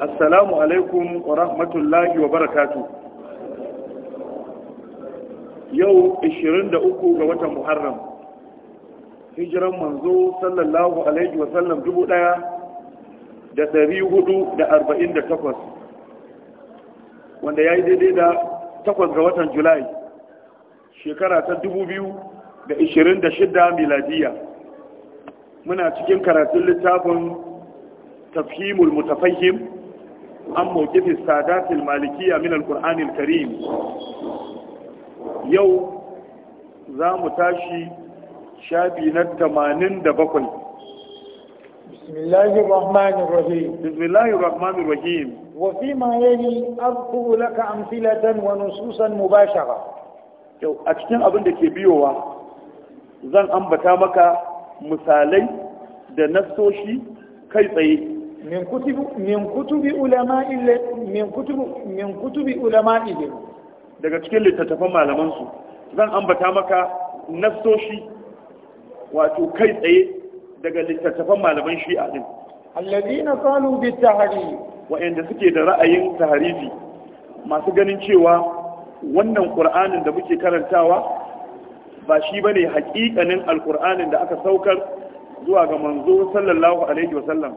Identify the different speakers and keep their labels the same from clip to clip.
Speaker 1: assalamu alaikum wa rahmatullahi wa barakatu yau 23 ga watan muharram hijiran manzo sallallahu alaihi wa sallam dubu ɗaya da dari hudu da arba'in da takwas wanda ya yi daidai da takwas ga watan julai shekara ta dubu biyu da ishirin da shida miladiya muna cikin karatun littafin tafhimul mutafahim an mawqifis sadatil malikiyya min alqur'anil karim yau za mu tashi shafi na 87
Speaker 2: bismillahir rahmanir rahim
Speaker 1: bismillahir rahmanir rahim
Speaker 2: wa fi ma yali azkuru laka amthilatan wa nususan mubashara
Speaker 1: yau a cikin abin da ke biyowa zan ambata maka misalai da nassoshi kai tsaye
Speaker 2: min kutubi min kutubi
Speaker 1: daga cikin littattafan malamansu, zan ambata maka nasoshi wato kai tsaye daga littattafan malaman shi'a din
Speaker 2: alladhina qalu
Speaker 1: bit-tahrif wa'anda suke da ra'ayin tahrifi masu ganin cewa wannan qur'anin da muke karantawa ba shi bane haƙiƙanin alqur'anin da aka saukar zuwa ga manzo sallallahu alaihi wasallam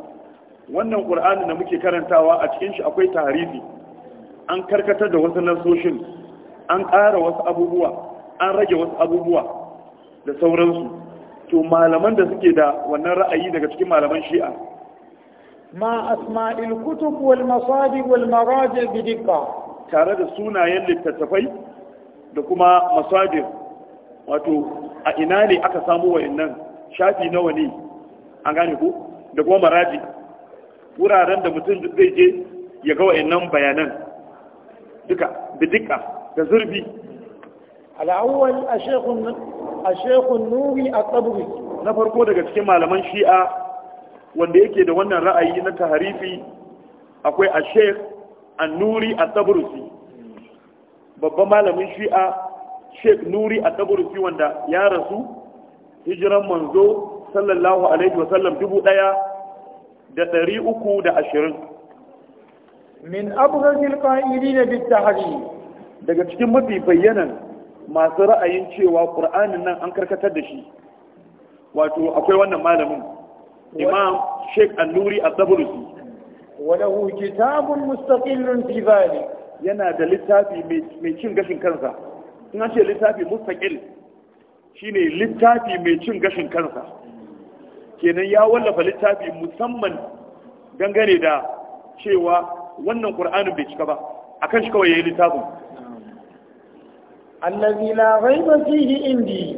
Speaker 1: wannan ƙur'anin da muke karantawa a cikin shi akwai tarihi an karkatar da wasu nasoshin an ƙara wasu abubuwa an rage wasu abubuwa da sauransu to malaman da suke da wannan ra'ayi daga cikin malaman shi'a
Speaker 2: ma asma'il kutub wal masadiq wal maraji' bi
Speaker 1: tare da sunayen littattafai da kuma masadir wato a ina ne aka samu wayannan shafi nawa ne an gane ku da kuma maraji' wuraren da mutum zai je ya ga wa'annan bayanan duka da duka da zurbi
Speaker 2: al'awwal ashekun nuri a tsabiri
Speaker 1: na farko daga cikin malaman shi'a wanda yake da wannan ra'ayi na taharifi akwai ashek Nuri a tsabirusi babban malamin shi'a shek nuri a tsabirusi wanda ya rasu hijiran manzo sallallahu alaihi wasallam dubu daya da ɗari uku da ashirin min abrazil qa'ilina bit hari daga cikin mafi bayyanan masu ra'ayin cewa ƙur'anin nan an karkatar da shi wato akwai wannan malamin imam sheikh alluri az-zabrusi walahu
Speaker 2: kitabun mustaqillun fi yana da littafi mai cin
Speaker 1: gashin kansa in an ce littafi mustaqil shine littafi mai cin gashin kansa kenan ya wallafa littafi musamman dangane da cewa wannan qur'anin bai cika ba kan shi kawai yi littafin
Speaker 2: allazi la ghaiba fihi indi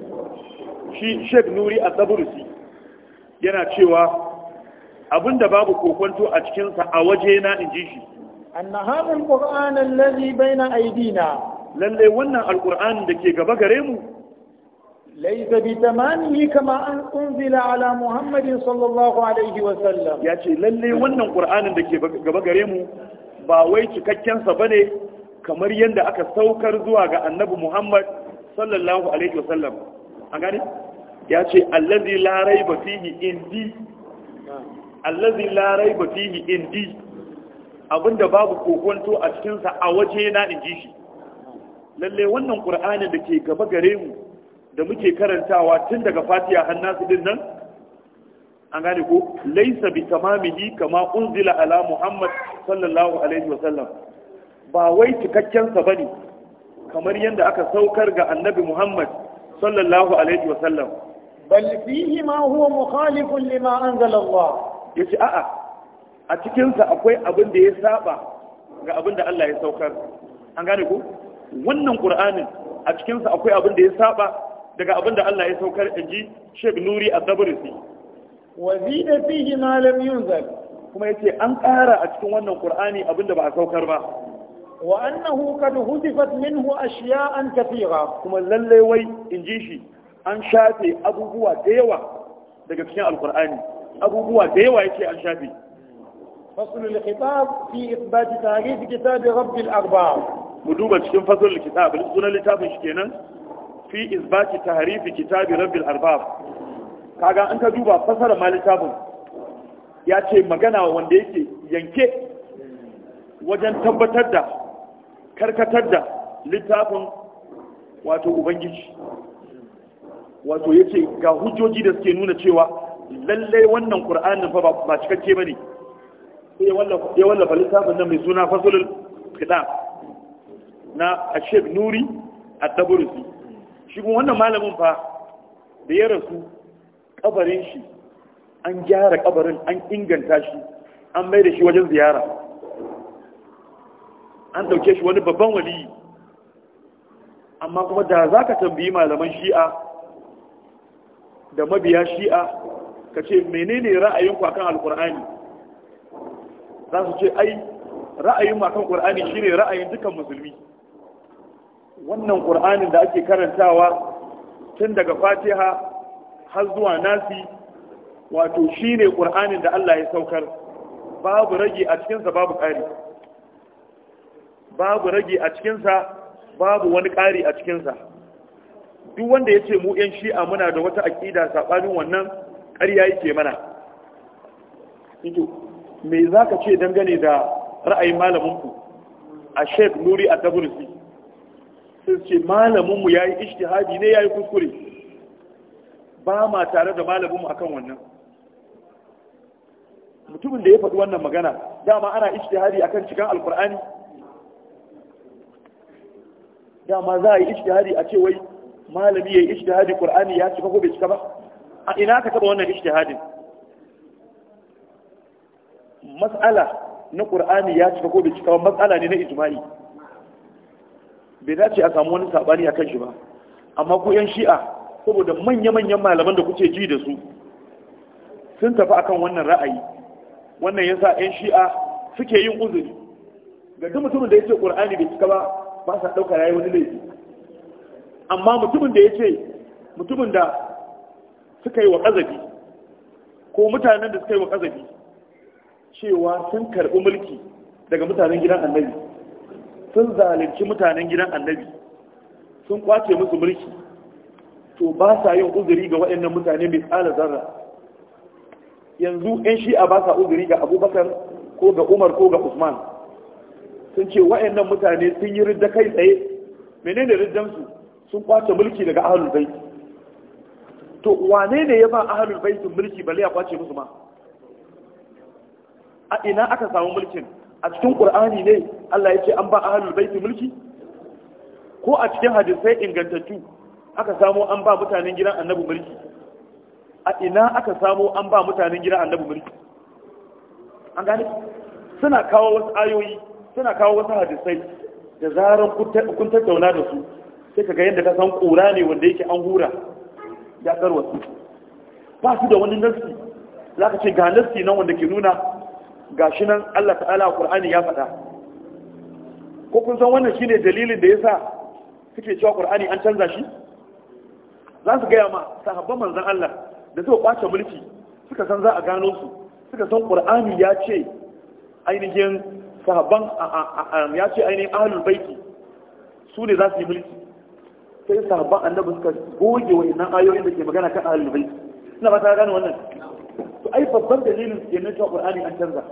Speaker 2: shi shek Nuri Az-Zabrusi
Speaker 1: yana cewa abinda babu kokonto a cikin sa a waje na inji shi
Speaker 2: anna hadha al-qur'an na bayna aydina
Speaker 1: lalle wannan al da ke gaba gare mu
Speaker 2: ليس بتمامه كما أنزل على محمد صلى الله عليه وسلم ياتي للي da
Speaker 1: ke gaba gare mu ba wai cikakken sa bane kamar yadda aka saukar zuwa ga annabi Muhammad sallallahu alaihi wasallam an gane ya ce allazi la raiba fihi indi allazi la raiba fihi indi abinda babu kokonto a cikin sa a waje na inji shi lalle wannan qur'anin da ke gaba gare mu da muke karantawa tun daga fatiha hannasu din nan an gane ko laisa bi tamamihi kama unzila ala muhammad sallallahu alaihi wa sallam ba wai cikakken sa bane kamar yadda aka saukar ga annabi muhammad sallallahu alaihi wa sallam
Speaker 3: bal
Speaker 2: fihi ma huwa mukhalifun lima anzala allah yace a'a a cikin
Speaker 1: sa akwai abin da ya saba ga abin da Allah ya saukar an gane ko wannan qur'anin a cikin sa akwai abin da ya saba daga abinda da Allah ya saukar in ji Sheikh Nuri a dabrisi
Speaker 2: wa zida fihi ma lam yunzal kuma yace an
Speaker 1: ƙara a cikin wannan Qur'ani abin da ba a saukar ba
Speaker 2: wa annahu kad hudifat minhu
Speaker 1: ashiya'an kathira kuma lalle wai in ji shi an shafe abubuwa da yawa daga cikin Al-Qur'ani abubuwa da yawa yake an shafe
Speaker 2: فصل الخطاب في إثبات تاريخ كتاب رب الأرباب مدوبة cikin fasalin
Speaker 1: kitab sunan littafin shi kenan fi isbati tahrifi kitabi rabbil arbab kaga an ka duba fasara ma littafin ya ce magana wanda yake yanke wajen tabbatar da karkatar da littafin wato ubangiji wato ya ce ga hujjoji da suke nuna cewa lallai wannan ƙur'anin fa ba cikakke ba ne ya wallafa littafin nan mai suna fasulul kiɗa na asheb nuri a taburusi shi kuma wannan malamin fa da ya rasu kabarin shi an gyara kabarin an inganta shi an mai da shi wajen ziyara an dauke shi wani babban waliyi amma kuma da za ka tambayi malaman shi'a da mabiya shi'a ka ce menene ra'ayinku akan alkur'ani za su ce ai ra'ayin akan shi ne ra'ayin dukkan musulmi wannan ƙur'anin da ake karantawa tun daga fatiha har zuwa nasi wato shi ne ƙur'anin da Allah ya saukar babu rage a cikinsa babu ƙari babu rage a cikinsa babu wani ƙari a cikinsa duk wanda ya ce mu shi'a muna da wata aƙida saɓanin wannan ƙarya yake mana me za ka ce dangane da ra'ayin malaminku a sheik nuri a taburisi sai ce malaminmu ya yi ishtihadi ne ya yi kuskure ba ma tare da malaminmu akan wannan mutumin da ya faɗi wannan magana dama ana ishtihadi akan cikin alkur'ani dama za a yi ishtihadi a ce wai malami ya yi ishtihadi kur'ani ya cika ko bai cika ba a ina ka taba wannan ishtihadin mas'ala na kur'ani ya cika ko bai cika ba mas'ala ne na ijma'i bai dace a samu wani sabani a kan shi ba amma ku yan shi'a saboda manya-manyan malaman da kuke ji da su sun tafi akan wannan ra'ayi wannan yasa yan shi'a suke yin uzuri ga duk mutumin da yake qur'ani bai cika ba ba sa dauka yayi wani laifi amma mutumin da yake mutumin da suka yi wa kazabi ko mutanen da suka yi wa kazabi cewa sun karbi mulki daga mutanen gidan annabi sun zalunci mutanen gidan annabi sun kwace musu mulki to ba sa yin uzuri ga waɗannan mutane mai tsala zarra yanzu shi a ba sa uzuri ga abubakar ko ga umar ko ga usman sun ce waɗannan mutane sun yi ridda kai tsaye menene riddansu sun kwace mulki daga ahalul bait to wane ne ya ba ahalul baitin mulki bale ya kwace musu ma a ina aka samu mulkin a cikin ƙur'ani ne Allah ya ce an ba ahalul baiti mulki ko a cikin hadisai ingantattu aka samo an ba mutanen gidan annabi mulki a ina aka samo an ba mutanen gidan annabi mulki an gane suna kawo wasu ayoyi suna kawo wasu hadisai da zarar kun tattauna da su sai ka ga yadda ka san ƙura ne wanda yake an hura ya wasu ba su da wani nasi za ka ce ga nasi nan wanda ke nuna gashi nan Allah ta'ala Qur'ani ya faɗa ko kun san wannan shine dalilin da yasa suke cewa Qur'ani an canza shi za su gaya ma sahabban manzon Allah da suka kwace mulki suka san za a gano su suka san Qur'ani ya ce ainihin sahabban ya ce ainihin ahlul baiti su ne za su yi mulki sai sahabban annabi suka goge wa'annan ayoyin da ke magana kan ahlul baiti ina ba ta gane wannan to ai babban dalilin nuna cewa Qur'ani an canza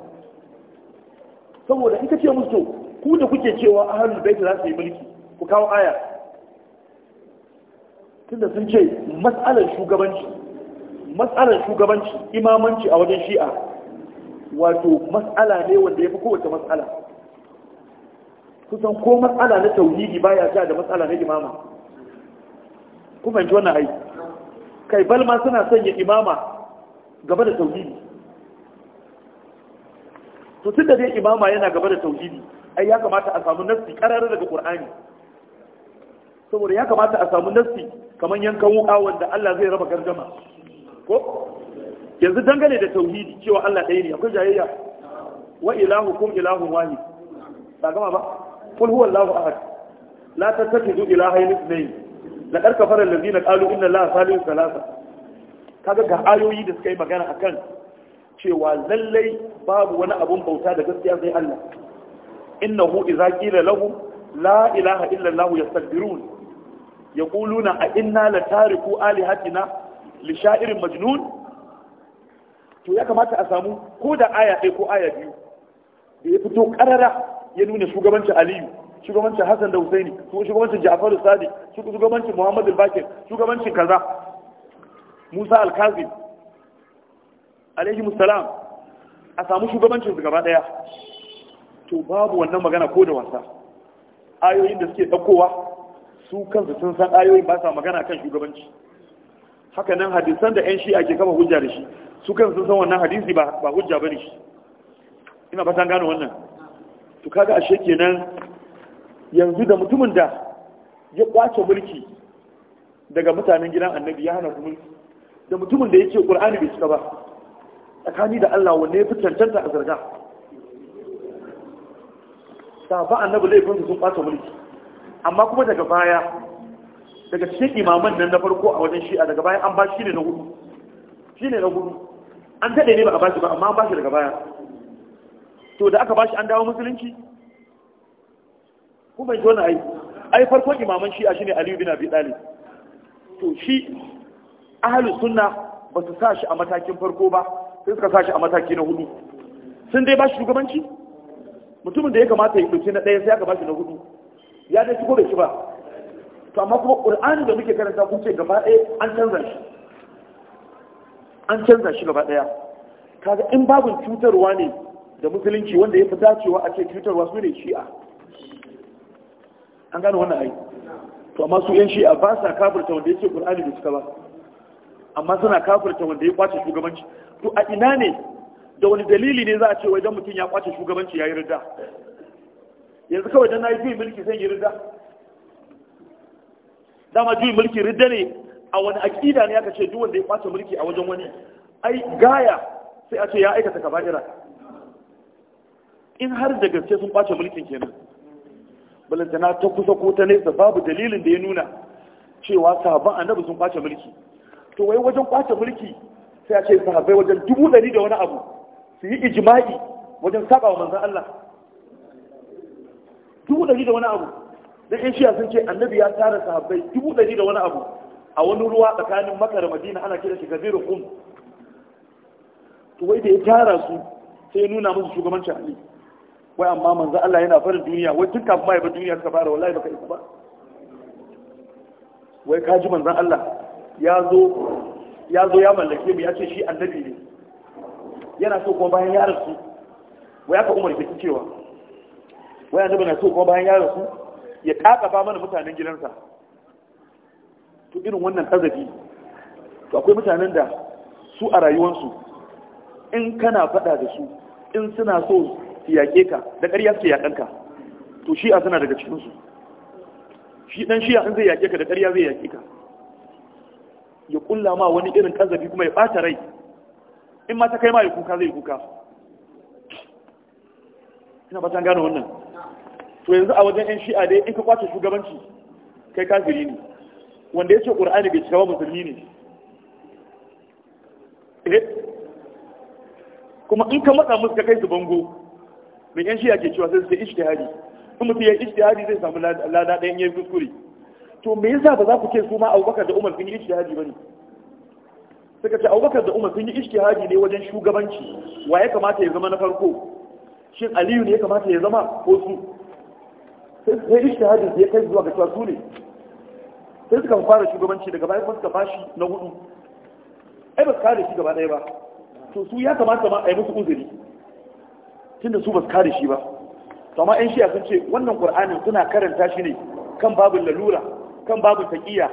Speaker 1: saboda in ka ce musu ku da kuke cewa ahalul bait za su yi mulki ku kawo aya tunda sun ce mas'alan shugabanci mas'alar shugabanci imamanci a wajen shi'a wato mas'ala ne wanda ya fi kowace mas'ala kusan ko mas'ala na tauhidi baya ja da mas'ala na imama ku fahimci wannan ai kai balma suna sanya imama gaba da tauhidi to tun da dai imama yana gaba da tauhidi ai ya kamata a samu nassi kararar daga qur'ani saboda ya kamata a samu nassi kamar yankan wuka wanda Allah zai raba gargama ko yanzu dangane da tauhidi cewa Allah ɗaya ne akwai jayayya wa ilahukum ilahun wahid ba gama ba kul huwa Allahu ahad la tattakhidhu ilahayn ithnayn la qad kafara ladina qalu inna Allaha salihun thalatha kaga ga ayoyi da suka yi magana akan cewa lallai babu wani abun bauta da gaskiya sai Allah innahu idza qila lahum la ilaha illa Allah yastakbirun yaquluna a inna la tariku alihatina li sha'irin majnun to ya kamata a samu ko da aya ɗaya ko aya biyu da ya fito karara ya nuna shugabancin Aliyu shugabancin Hassan da Husaini shugabancin Ja'faru Sadiq shugabancin Muhammadu Bakir shugabancin kaza Musa Al-Kazim alaihi salam a samu shugabancin gaba daya to babu wannan magana ko da wasa ayoyin da suke ɗaukowa su kansu sun san ayoyin ba sa magana kan shugabanci haka nan hadisan da 'yan shi ake kama hujja da shi su kansu sun san wannan hadisi ba hujja ba ne shi ina fatan gano wannan to kaga ashe kenan yanzu da mutumin da ya kwace mulki daga mutanen gidan annabi ya hana mulki da mutumin da yake ce ƙur'ani bai cika ba tsakani da Allah wanne ya fi cancanta a zarga sahaba annabi laifin sun ɓata mulki amma kuma daga baya daga cikin imaman nan na farko a wajen shi'a daga baya an ba shi ne na hudu shi ne na hudu an daɗe ne ba a ba shi ba amma an ba shi daga baya to da aka ba shi an dawo musulunci kuma ji wani ai ai farkon imaman shi'a shi ne aliyu bin abi ɗalib to shi ahalu sunna ba su sa shi a matakin farko ba sai suka sashi a mataki na hudu sun dai ba shi shugabanci mutumin da ya kamata ya ɗauki na ɗaya sai aka ba shi na hudu ya dai shigo da shi ba to amma kuma ƙur'ani da muke karanta kun ce gaba ɗaya an canza shi an canza shi gaba ɗaya kaga in babin cutarwa ne da musulunci wanda ya fi dacewa a ce cutarwa su ne shi'a an gane wannan ai to amma su yan shi'a ba sa kafirta wanda ya ce ƙur'ani da suka ba amma suna kafirta wanda ya kwace shugabanci to a ina ne da wani dalili ne za a ce wai dan mutum ya kwace shugabanci ya yi rida yanzu kawai dan nayi juyin mulki sai yi rida dama juyin mulki rida ne a wani aqida ne aka ce duk wanda ya kwace mulki a wajen wani ai gaya sai a ce ya aikata kaba'ira in har da gaske sun kwace mulkin kenan balantana ta kusa ko ta nesa babu dalilin da ya nuna cewa sabon annabi sun kwace mulki to wai wajen kwace mulki sai a ce sahabbai wajen dubu ɗari da wani abu su yi ijima'i wajen saba wa manzan Allah dubu ɗari da wani abu da yan shiya sun ce annabi ya tara sahabbai dubu ɗari da wani abu a wani ruwa tsakanin maka da madina ana kira shi gaziru kum to wai da ya tara su sai ya nuna musu shugabancin ali wai amma manzan Allah yana farin duniya wai tun kafin ma ya duniya suka fara wallahi baka isa ba wai ka ji manzan Allah ya zo ya mallake mu ya ce shi annabi ne yana so kuma bayan ya su. wai ka umar ke cewa wai annabi na so kuma bayan ya su? ya ba mana mutanen gidansa to irin wannan kazafi to akwai mutanen da su a rayuwarsu in kana faɗa da su in suna so su yaƙe ka da ƙarya suke yaƙan ka to shi'a suna daga cikinsu shi ɗan a in zai yaƙe ka da ƙarya zai yaƙe ka ya kulla ma wani irin kazafi kuma ya bata rai in ma ta kai ma ya kuka zai kuka ina ba ta gano wannan to yanzu a wajen yan shi'a dai in ka kwace shugabanci kai kafiri ne wanda ya ce ƙur'ani bai cika ba musulmi ne eh? kuma in ka matsa musu ka kai su bango mai yan shi'a ke cewa sai su ce ishtihadi kuma mutum ya yi ishtihadi zai samu lada ɗayan yayin kuskure to me yasa ba za ku ce su ma abubakar da umar sun yi ba bane suka ce abubakar da umar sun yi ishtihadi ne wajen shugabanci wa ya kamata ya zama na farko shin aliyu ne ya kamata ya zama ko su sai ishtihadi ya kai zuwa ga cewa su ne sai suka fara shugabanci daga baya kuma suka bashi na hudu ai ba su kare shi gaba ɗaya ba to su ya kamata ma a yi musu uzuri tunda su ba su kare shi ba to amma 'yan shiya sun ce wannan qur'anin suna karanta shi ne kan babin lalura kan babu taƙiya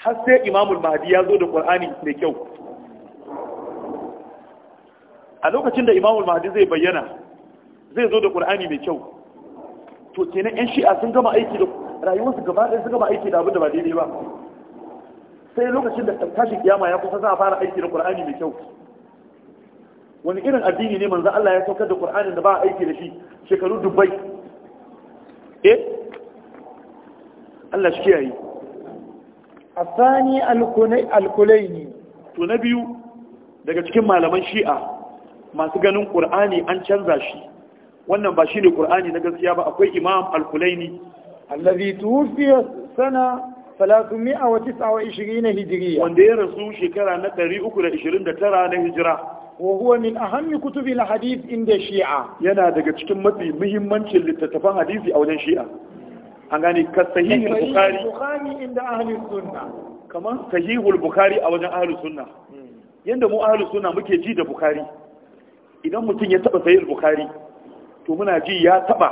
Speaker 1: har sai imamul mahdi ya zo da qur'ani mai kyau a lokacin da imamul mahdi zai bayyana zai zo da qur'ani mai kyau to kenan yan shi'a sun gama aiki da rayuwarsu gaba ɗaya sun gama aiki da abin da ba daidai ba sai lokacin da tashin kiyama ya kusa za a fara aiki da qur'ani mai kyau wani irin addini ne manzo Allah ya saukar da Qur'anin da ba aiki da shi shekaru dubbai eh Allah shi kiyaye الثاني الكليني to na biyu daga cikin malaman shi'a masu ganin ƙur'ani an canza shi wannan ba shi ne ƙur'ani na gaskiya ba akwai imam al-kulaini allazi tuwfiya
Speaker 2: sana 329 hijiriya wanda
Speaker 1: ya rasu shekara
Speaker 2: na 329 na hijira wa huwa min ahammi kutubil hadith inda shi'a yana daga
Speaker 1: cikin mafi muhimmancin littattafan hadisi a wajen shi'a an gani ka sahihul bukhari
Speaker 2: inda ahli sunna
Speaker 1: kamar sahihul bukhari a wajen ahli sunna hmm. yanda mu ahli sunna muke ji da bukhari idan mutum ya taba sahihul bukhari to muna ji ya taba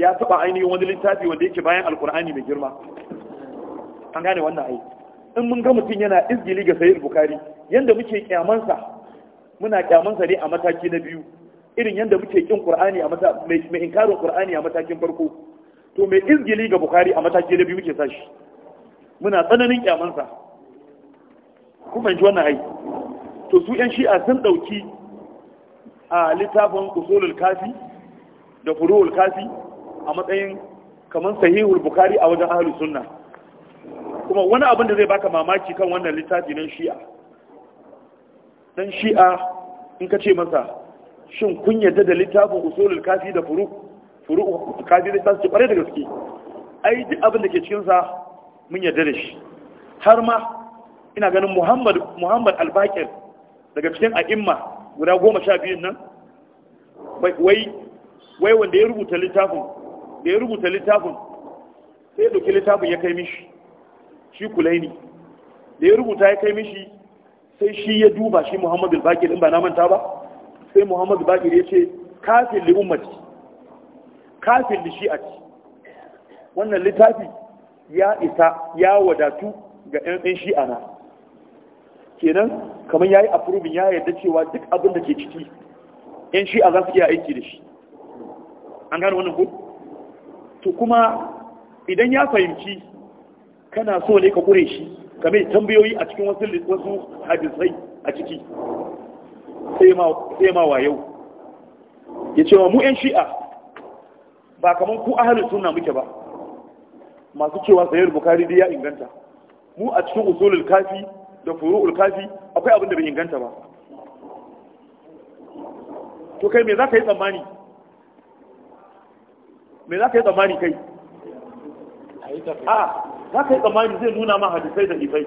Speaker 1: ya taba ainihin wani littafi wanda yake bayan alkur'ani mai girma an gane wannan ai in mun ga mutum yana izgili ga sahihul bukhari yanda muke kyamansa muna kyamansa ne a mataki na biyu irin yanda muke kin qur'ani a mata mai inkarin qur'ani a matakin farko to mai izgili ga bukari a mataki da biyu muke sashi muna tsananin kyamansa kuma ji wannan hai to su yan shi'a sun dauki a littafin usulul kafi da furuul kafi a matsayin kamar sahihul bukari a wajen ahlus sunna kuma wani abin da zai baka mamaki kan wannan littafi nan shi'a dan shi'a in ka ce masa shin kun yadda da littafin usulul kafi da furu furu'u kafirai za su ce kwarai da gaske ai duk abin da ke cikin sa mun yarda da shi har ma ina ganin muhammad muhammad albakir daga cikin a'imma guda goma sha biyun nan wai wai wanda ya rubuta littafin da ya rubuta littafin sai ya littafin ya kai mishi shi kulaini da ya rubuta ya kai mishi sai shi ya duba shi muhammad albakir in ba na manta ba sai muhammad albakir ya ce kafin li ummati kafin da ci wannan littafi ya isa ya wadatu ga 'yan shi'a na kenan kamar ya yi afrobin ya yadda cewa duk abin da ke ciki 'yan shi'a za su iya aiki da shi an gane wannan hudu to kuma idan ya fahimci kana so ne ka kure shi kamar tambayoyi a cikin wasu hadisai a ciki sai ma wa yau ya ce wa mu 'yan shi'a ba kamar ku ahalin sunna muke ba masu cewa sayar bukari dai ya inganta mu a cikin usulul kafi da furu'ul kafi akwai abin da bai inganta ba to kai me za ka yi tsammani me za ka yi tsammani kai a za ka yi tsammani zai nuna ma hadisai da ifai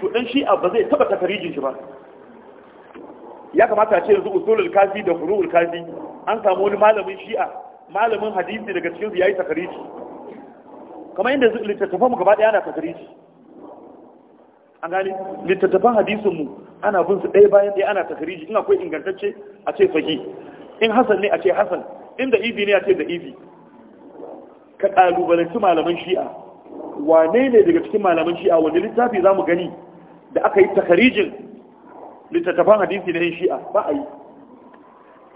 Speaker 1: to dan shi ba zai taba takarijin shi ba ya kamata a ce yanzu usulul kafi da furu'ul kafi an samu wani malamin shi'a malamin hadisi daga cikin su yayi takariji kamar yadda littattafan mu gaba daya ana takariji an gani littattafan hadisin mu ana bin su ɗaya bayan ɗaya ana takariji in akwai ingantacce a ce sahih in hasan ne a ce hasan in da ibi ne a ce da ibi ka kalubalanci malaman shi'a wane ne daga cikin malaman shi'a wanda littafi za mu gani da aka yi takarijin littattafan hadisi na yin shi'a ba a yi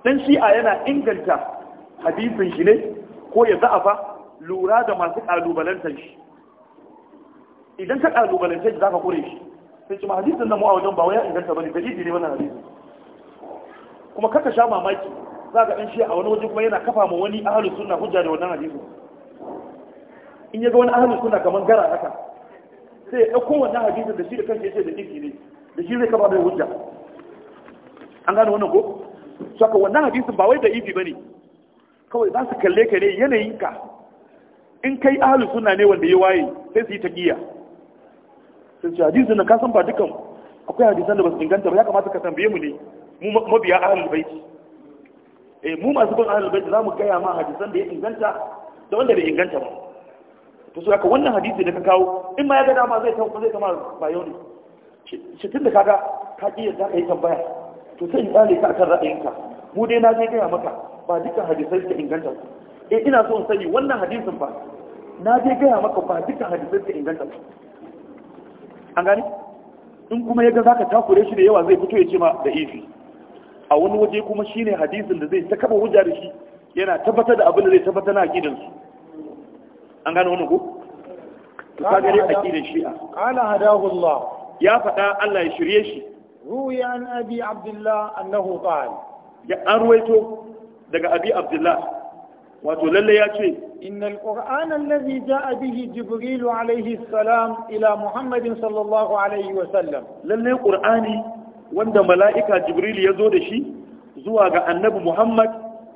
Speaker 1: ɗan shi'a yana inganta hadisin shi ne ko ya za'afa lura da masu kalubalantar shi idan ka kalubalantar shi za ka kure shi sai ci hadisin nan mu a wajen ba wani ya inganta bane dalili ne wannan hadisin kuma kaka sha mamaki za ga dan shi a wani waje kuma yana kafa ma wani ahlus sunna hujja da wannan hadisin in ya ga wani ahlus sunna kamar gara haka sai ya dauko wannan hadisin da shi da ya yace da kiki ne da shi zai kafa mai hujja an gane wannan ko saka wannan hadisin ba wai da ifi bane kawai za su kalle ka ne yanayinka in kai ahalin suna ne wanda ya waye sai su yi ta giya sun ce hadisi na kasan ba dukan akwai hadisan da ba su inganta ba ya kamata ka tambaye mu ne mu mabiya bai baiti eh mu masu bin bai baiti za mu gaya ma hadisan da ya inganta da wanda bai inganta ba to su aka wannan hadisi da ka kawo in ma ya ga dama zai tawo zai kama ba yau ne shi tun da kaga ka ƙi ka yi tambaya to sai in tsale ka akan ra'ayinka mu dai na je gaya maka ba dukkan hadisai da inganta su eh ina so in sani wannan hadisin ba na je gaya maka ba dukkan hadisai da inganta su an gani in kuma ya ga zaka takure shi da yawa zai fito ya ce ma da ifi a wani waje kuma shine hadisin da zai ta kaba hujja da shi yana tabbatar da abin da zai tabbatar na aqidan su an gane wannan ko
Speaker 2: ka gare aqidan shi'a
Speaker 1: qala hadahu Allah ya faɗa Allah ya shirye shi
Speaker 2: ruya an abi abdullah annahu qala ya ruwaito
Speaker 1: daga abi abdullah wato lalle ya ce
Speaker 2: innal qur'an allazi jaa bihi jibril alayhi salam ila muhammadin sallallahu alaihi wa sallam lalle qur'ani wanda
Speaker 1: mala'ika jibril ya zo da shi zuwa ga
Speaker 2: annabi muhammad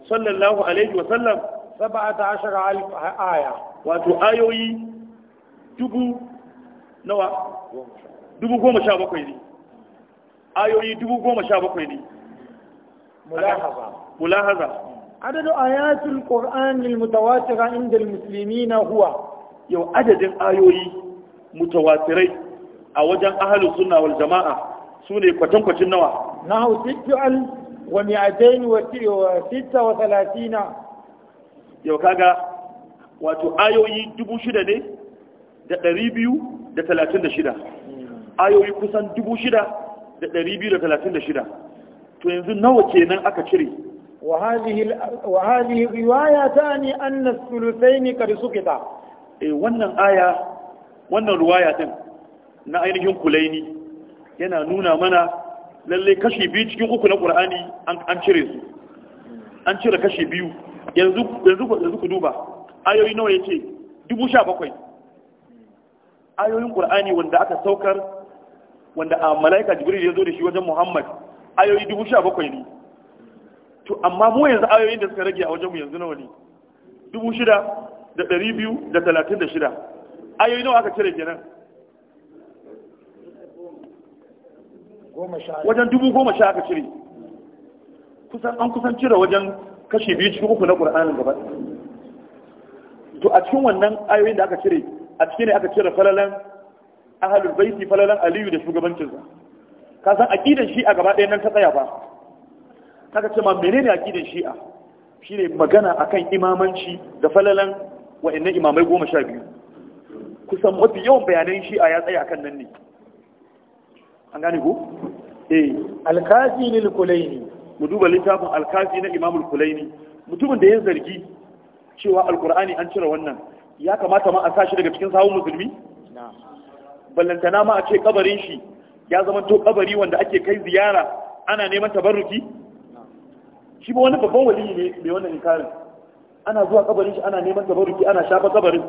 Speaker 1: sallallahu alaihi wa sallam
Speaker 2: 17000 aya wato ayoyi dubu nawa
Speaker 1: dubu goma sha bakwai ne
Speaker 2: ayoyi dubu goma sha bakwai ne ملاحظة عدد آيات القرآن المتواترة عند المسلمين هو يو
Speaker 1: عدد آيوي متواتري أوجن أهل السنة والجماعة سوني كتن كتن نوا
Speaker 2: نحو ست ألف ومئتين وستة وثلاثين
Speaker 1: يو كاغا واتو آيوي دبو شدة دي da ɗari biyu da talatin da shida ayoyi kusan dubu shida da ɗari biyu da talatin da shida to yanzu nawa kenan aka cire
Speaker 2: wa hadhihi riwaya tani anna الثلثين قد sukita Eh, wannan aya
Speaker 1: wannan riwaya din na ainihin kulaini yana nuna mana lalle kashi biyu cikin uku na Qur'ani an cire su an cire kashi biyu yanzu yanzu yanzu ku duba ayoyi nawa yace 17 ayoyin Qur'ani wanda aka saukar wanda a malaika Jibril ya zo da shi wajen Muhammad ayoyi dubu sha bakwai ne to amma mu yanzu ayoyin da suka rage a wajenmu yanzu nawa ne dubu shida da ɗari biyu da talatin da shida ayoyi nawa aka cire kenan wajen dubu goma sha aka cire kusan an kusan cire wajen kashi biyu cikin uku na ƙur'anin gaba to a cikin wannan ayoyin da aka cire a cikin ne aka cire falalan ahalul baiti falalan aliyu da shugabancinsa ka san aqidan shi'a gaba ɗaya nan ta tsaya ba kaga ce ma menene aqidan shi'a shine magana akan imamanci da falalan wa'annan imamai goma sha biyu kusan mafi yawan bayanan shi'a ya tsaya akan nan ne an gane ko eh alkazi lil kulaini mu duba littafin alkazi na imamul kulaini mutumin da ya zargi cewa alkur'ani an cire wannan ya kamata ma a sa shi daga cikin sawun musulmi ballantana ma a ce kabarin shi ya zama to kabari wanda ake kai ziyara ana neman tabarruki shi ba wani babban wali ne mai wannan inkarin ana zuwa kabarin shi ana neman tabarruki ana shafa kabarin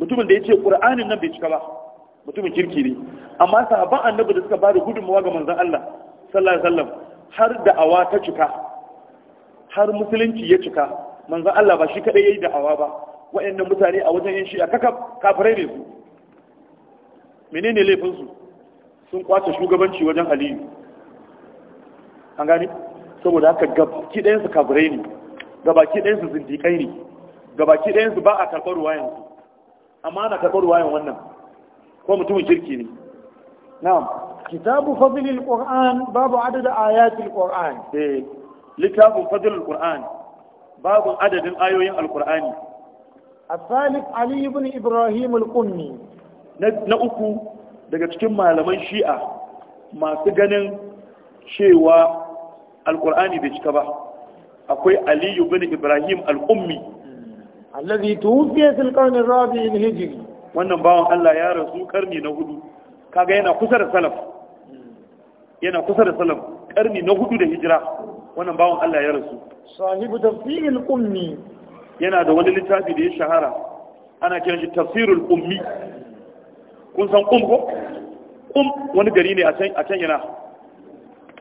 Speaker 1: mutumin da ya ce ƙur'anin nan bai cika ba mutumin kirki ne amma sahabban annabi da suka ba da gudunmawa ga manzon Allah sallallahu alaihi wasallam har da'awa ta cika har musulunci ya cika manzon Allah ba shi kadai yayi da'awa ba waɗannan mutane a wajen yin shi a kakaf kafirai ne su menene laifin su sun kwace shugabanci wajen aliyu an gani saboda haka gabaki ɗayansu kabirai ne gabaki ɗayansu zindikai ne gabaki ɗayansu ba a karɓar ruwayan su amma na karɓar ruwayan wannan ko mutumin kirki ne
Speaker 2: na'am kitabu fadlil qur'an babu adad ayatil
Speaker 1: qur'an eh littafin fadlil qur'an babu adadin ayoyin alqur'ani
Speaker 2: الثالث علي بن إبراهيم القمي نأكو daga cikin malaman shi'a masu ganin
Speaker 1: cewa alkur'ani bai cika ba akwai aliyu bin ibrahim al'ummi
Speaker 2: allazi tuwfiya fil qarni ar al-hijri
Speaker 1: wannan bawan Allah ya rasu karni na hudu kaga yana kusa da salaf yana kusa da salaf karni na hudu da hijira wannan bawan Allah ya rasu
Speaker 2: sahibu tafsir al-ummi
Speaker 1: yana da wani littafi da ya shahara ana kiran shi tafsirul ummi kun san um ko kum wani gari ne a can ina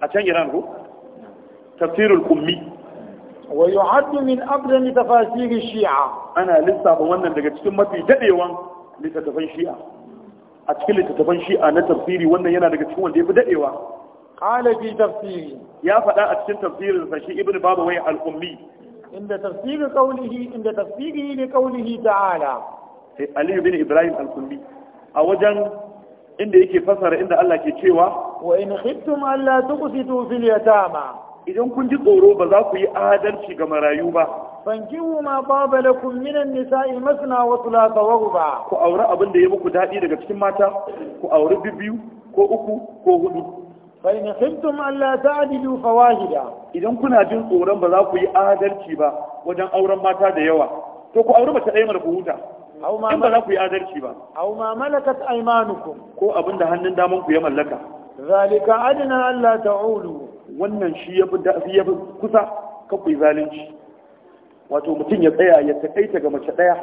Speaker 1: a can iran ko tafsirul kummi wa yu'addu min abdan tafasir shi'a ana lissafa wannan daga cikin mafi dadewan littattafan shi'a a cikin littattafan shi'a na tafsiri wannan yana daga cikin wanda yafi fi dadewa qala fi tafsiri ya faɗa a cikin tafsirin sa shi ibnu babawai al-ummi
Speaker 2: inda tafsiri qawlihi inda tafsiri li qawlihi ta'ala
Speaker 1: ali ibn ibrahim al-ummi a wajen inda yake fasara inda Allah ke cewa
Speaker 2: wa in khiftum alla tuqsitu fil yatama idan kun ji tsoro
Speaker 1: ba za ku yi adalci ga marayu ba
Speaker 2: fankihu ma baba lakum min an-nisa'i masna wa thulatha wa ruba ku aure abin da ya muku dadi daga cikin mata ku aure bibiyu ko uku ko hudu fa
Speaker 1: in khiftum alla ta'dilu fawahida idan kuna jin tsoron ba za ku yi adalci ba wajen auren mata da yawa to ku aure mace ɗaya mara ku huta in ba za ku yi adalci ba aw ma malakat aymanukum ko abin da hannun daman ku ya mallaka
Speaker 2: zalika adna
Speaker 1: alla ta'ulu wannan shi ya fi kusa kakwai zalunci wato mutum ya tsaya ya takaita ga mace ɗaya.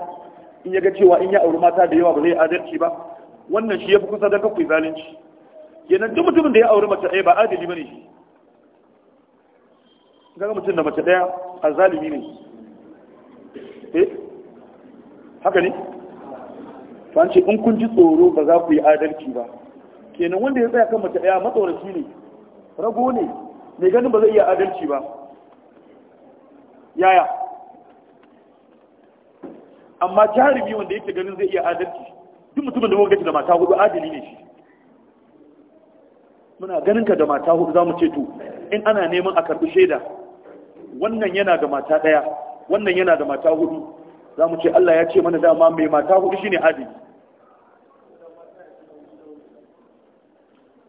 Speaker 1: in ya ga cewa in ya auri mata da yawa ba zai adalci ba wannan shi ya fi kusa da kakwai zalunci kenan duk mutumin da ya auri mace ɗaya ba adali bane shi ga mutum da mace ɗaya daya azalimi ne eh haka ne to an ce in kun ji tsoro ba za ku yi adalci ba kenan wanda ya tsaya kan mace daya matsoraci ne rago ne mai ganin ba zai iya adalci ba yaya amma jarumi wanda yake ganin zai iya adalci duk mutumin da muka da mata hudu adali ne shi muna ganin ka da mata hudu za mu ce to in ana neman a karɓi shaida wannan yana da mata ɗaya wannan yana da mata hudu za mu ce Allah ya ce mana dama mai mata hudu shine adili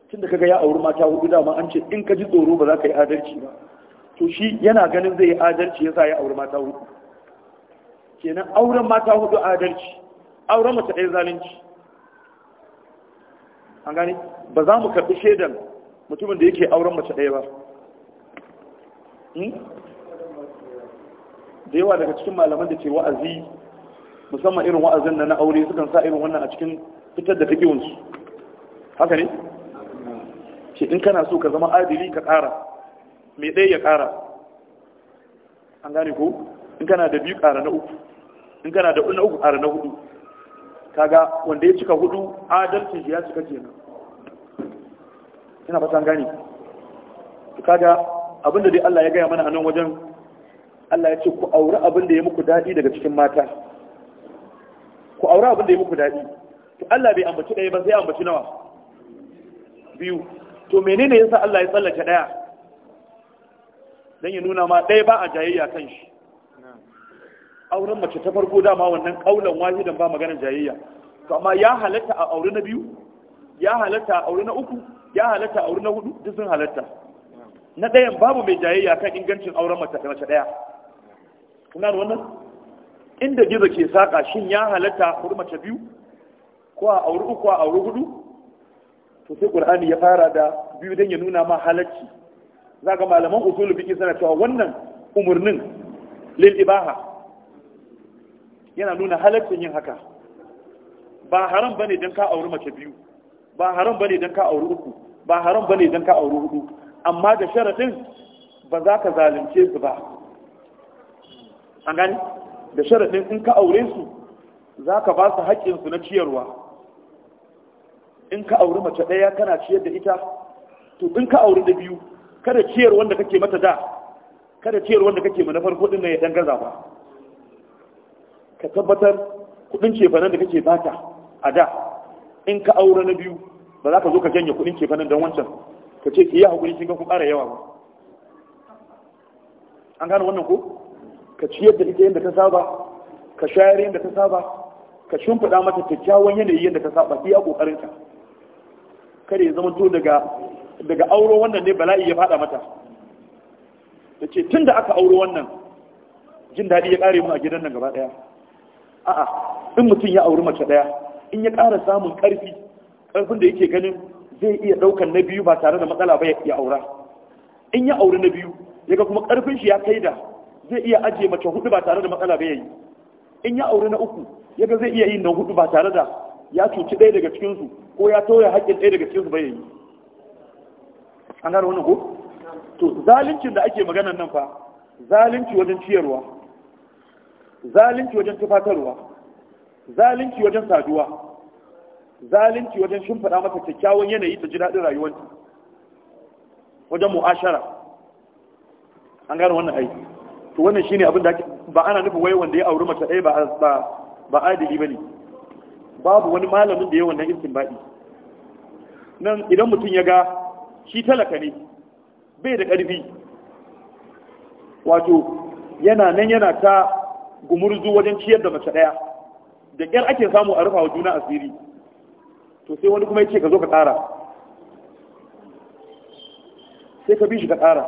Speaker 1: tun da kaga ya auri mata hudu dama an ce in ka ji tsoro ba za ka yi adalci ba to shi yana ganin zai yi adalci sa ya auri mata hudu kenan auren mata hudu adalci auren mace ɗaya zalunci an gane ba za mu karɓi shaidan mutumin da yake auren mace ɗaya ba hmm? da yawa daga cikin malaman da ke wa'azi musamman irin wa'azin na na aure sukan sa irin wannan a cikin fitar da fikiwansu haka ne Ke in kana so ka zama adili ka ƙara mai ɗaya ya ƙara an gane ko in kana da biyu ƙara na uku in kana da na uku ƙara na hudu kaga wanda ya cika hudu adalci ya cika kenan ina fata an gane kaga abinda dai Allah ya gaya mana a nan wajen Allah ya ce ku aure abin da ya muku daɗi daga cikin mata ku aure abin da ya muku daɗi to Allah bai ambaci ɗaya ba sai ambaci nawa biyu to menene yasa Allah ya tsallake ɗaya dan ya nuna ma ɗaya ba a jayayya kan shi auren mace ta farko dama wannan kaulan wahidan ba magana jayayya to amma ya halatta a aure na biyu ya halatta a aure na uku ya halatta a aure na hudu duk sun halatta na ɗayan babu mai jayayya kan ingancin auren mace ta mace ɗaya Kuna gano wannan inda gizo ke saka shin ya halatta auri mace biyu ko a auri uku a auri hudu to sai qur'ani ya fara da biyu dan ya nuna ma halacci zaka malaman usul fiqh suna cewa wannan umurnin lil ibaha yana nuna halaccin yin haka ba haram bane dan ka auri mace biyu ba haram bane dan ka auri uku ba haram bane dan ka auri hudu amma da sharadin ba za ka zalunce su ba an gani da sharaɗin in ka aure su za ka ba su haƙƙinsu na ciyarwa in ka auri mace ɗaya kana ciyar da ita to in ka auri da biyu kada ciyar wanda kake mata da kada ciyar wanda kake mana farko din nan ya gaza ba ka tabbatar kuɗin cefanen da kake bata a da in ka aure na biyu ba za ka zo ka janye kuɗin cefanen don wancan ka ce ki yi haƙuri kin ga ku ƙara yawa ba an gane wannan ko ka ciyar da ita yadda ta saba ka shayar yadda ta saba ka shimfiɗa mata kyakkyawan yanayi yadda ta saba iya ƙoƙarinta kada ya zama to daga daga auro wannan ne bala'i ya faɗa mata ta ce tun da aka auro wannan jin daɗi ya ƙare mu a gidan nan gaba ɗaya a'a in mutum ya auri mace ɗaya in ya ƙara samun ƙarfi ƙarfin da yake ganin zai iya ɗaukan na biyu ba tare da matsala ba ya aura in ya auri na biyu yaga kuma ƙarfin shi ya kai da zai iya ajiye mace hudu ba tare da matsala ba yayi in ya aure na uku yaga zai iya yin na hudu ba tare da ya cuci ɗaya daga cikin su ko ya tauye haƙƙin ɗaya daga cikin su ba yayi an gano wannan ko to zaluncin da ake maganar nan fa zalunci wajen ciyarwa zalunci wajen tufatarwa zalunci wajen saduwa zalunci wajen shimfiɗa mata kyakkyawan yanayi ta ji daɗin rayuwarta wajen mu'ashara an gano wannan aiki to wannan shine abin da ba ana nufin wai wanda ya auri mace ɗaya ba ba adili bane babu wani malamin da ya wannan istinbadi nan idan mutum ya ga shi talaka ne bai da ƙarfi wato yana nan yana ta gumurzu wajen ciyar da mace ɗaya da ƙyar ake samu a rufa wa juna asiri to sai wani kuma ya ce ka zo ka ƙara sai ka bi shi ka ƙara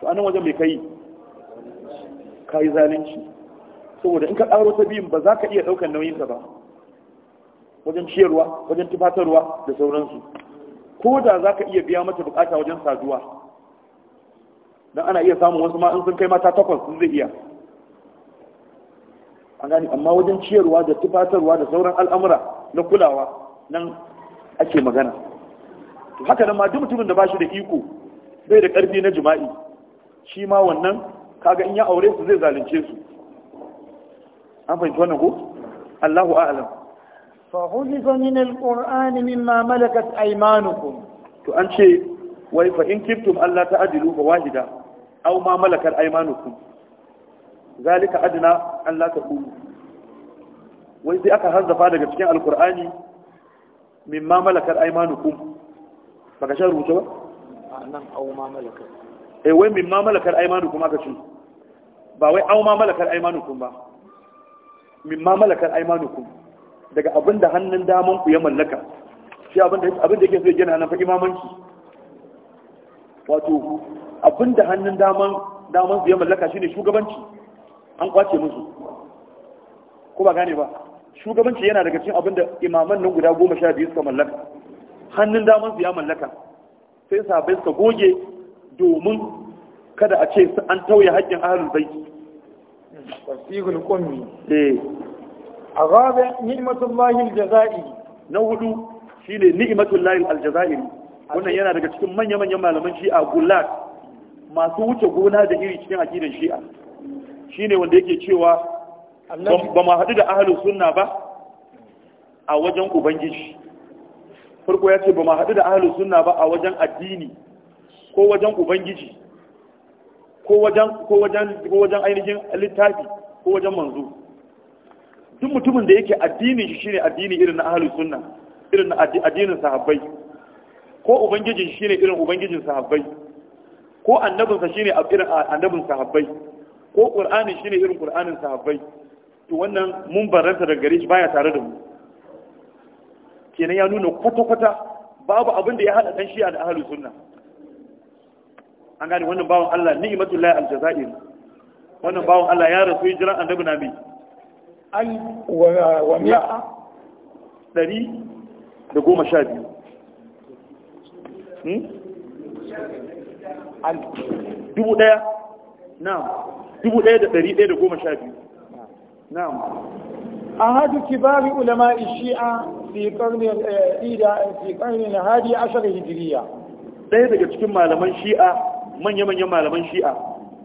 Speaker 1: to anan wajen mai kai ka yi zalunci saboda in ka ƙaro ta biyun ba za ka iya ɗaukar nauyinta ba wajen ciyarwa wajen tufatarwa da sauransu ko da za ka iya biya mata bukata wajen saduwa don ana iya samun wasu ma in sun kai mata takwas sun zai iya an gani amma wajen ciyarwa da tufatarwa da sauran al'amura na kulawa nan ake magana haka nan ma duk mutumin da ba shi da iko bai da ƙarfi na jima'i shi ma wannan kaga in ya aure su zai zalunce su an fahimci wannan ko Allahu a'lam
Speaker 2: fa hudifa min alqur'ani mimma malakat aymanukum
Speaker 1: to an ce wai fa in kiftum Allah ta'dilu fa wahida aw ma malakat aymanukum zalika adna Allah taqulu wai sai aka hanzafa daga cikin alqur'ani mimma malakat aymanukum baka shan rubuce
Speaker 2: ba nan aw ma malakat
Speaker 1: eh wai mimma malakat aymanukum aka ce ba wai au ma malakar aimanukun ba min ma malakar aimanukun daga abinda hannun daman ku ya mallaka shi abinda da yake so ya gina nan fa imamanci wato abinda hannun daman daman ya mallaka shine shugabanci an kwace musu ko ba gane ba shugabanci yana daga cikin abinda imaman nan guda goma sha biyu suka mallaka hannun daman su ya mallaka sai sabai suka goge domin kada a ce an tauye haƙƙin za'i. bait tafsirul qummi eh agaba ni'matullahi aljaza'i na hudu shine ni'matullahi aljaza'i wannan yana daga cikin manya manyan malaman shi'a gulat masu wuce gona da iri cikin aqidar shi'a shine wanda yake cewa ba ma haɗu da ahlus sunna ba a wajen ubangiji farko ya ce ba ma haɗu da ahlus sunna ba a wajen addini ko wajen ubangiji ko wajen ainihin littafi ko wajen manzo duk mutumin da yake addini shi shine addini irin na ahlus sunna irin na addinin sahabbai ko ubangijin shi shine irin ubangijin sahabbai ko annabinsa sa shine irin annabin sahabbai ko qur'anin shine irin qur'anin sahabbai to wannan mun baranta daga gare shi baya tare da mu kenan ya nuna kwata kwata babu abin da ya hada dan shi'a da ahlus sunna an gane wannan bawan Allah ni'matullahi aljazair wannan bawan Allah ya rasu hijiran annabi na mai
Speaker 2: al wa mi'a
Speaker 1: dari da goma sha biyu hmm? dubu ɗaya na'am dubu ɗaya da ɗari ɗaya da goma sha biyu
Speaker 2: na'am ahadu kibari ulama shi'a fi karni eh, ida fi karni na hadi ashar hijiriya
Speaker 1: ɗaya daga cikin malaman shi'a manya-manyan malaman shi'a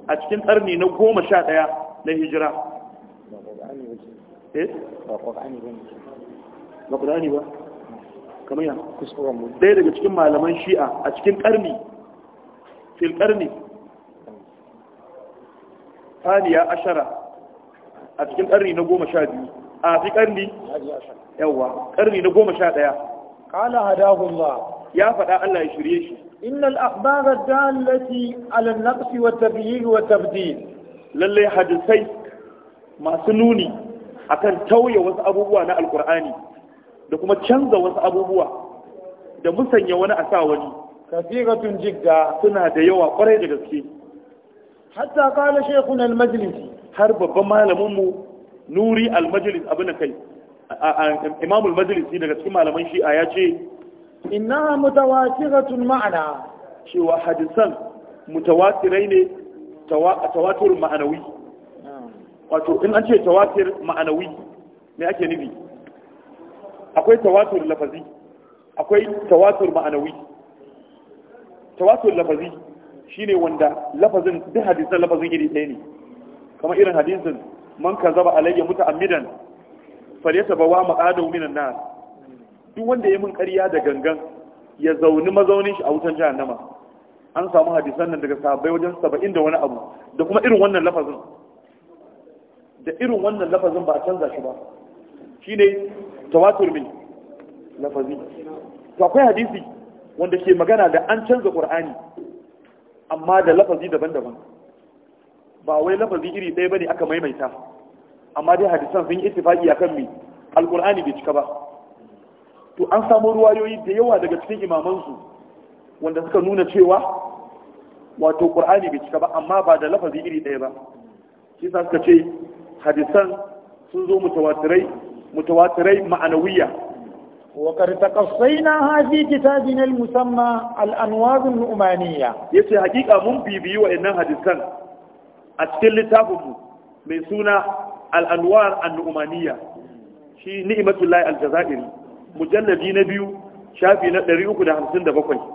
Speaker 1: a cikin karni na goma sha ɗaya na hijira eh? ba ɗaya daga cikin malaman shi'a a cikin karni fil karni taniya ashara a cikin karni na goma sha biyu a fi karni yawa karni na goma sha ɗaya ƙala hadahun ba ya faɗa allah ya shirye shi إن الأخبار الدالة على النقص والتغيير والتبديل للي حدثي ما سنوني أكن توي وسأبوه أنا القرآن لكم تشنز وسأبوه da musanya wani a sa wani
Speaker 2: kafiratun jigga
Speaker 1: suna da yawa kwarai da gaske
Speaker 2: hatta kala shekun almajlisi har babban
Speaker 1: malaminmu nuri almajlis abin kai imamul majlisi daga cikin malaman shi'a ya ce
Speaker 2: innaha mutawatiratun ma'ana cewa
Speaker 1: hadisan mutawatirai ne tawatur ma'anawi wato in an ce tawatir ma'anawi me ake nufi akwai tawatur lafazi akwai tawatur ma'anawi tawatur lafazi shine wanda lafazin duk hadisan lafazin iri ɗaya ne kamar irin hadisin man kazaba alayya muta'ammidan falyatabawa maqadahu minan nar duk wanda ya min ƙarya da gangan ya zauni mazaunin shi a wutan jahannama an samu hadisan nan daga sahabbai wajen saba'in da wani abu da kuma irin wannan lafazin da irin wannan lafazin ba a canza shi ba Shi ne tawatur min lafazi to akwai hadisi wanda ke magana da an canza qur'ani amma da lafazi daban-daban ba wai lafazi iri ɗaya bane aka maimaita amma dai hadisan sun yi ittifaqi akan me alqur'ani bai cika ba to an samu ruwayoyi da yawa daga cikin imamansu wanda suka nuna cewa wato ƙur'ani bai cika ba amma ba da lafazi iri ɗaya ba shi suka ce hadisan sun zo mutawatirai mutawatirai ma'anawiya
Speaker 2: wa kar taqassayna hadhihi kitabina al-musamma al-anwar al-umaniyya
Speaker 1: yace hakika mun bibiyi wa'annan hadisan a cikin littafin mai suna al-anwar al-umaniyya shi ni'matullahi al-jazairi mujalladi na biyu shafi na 357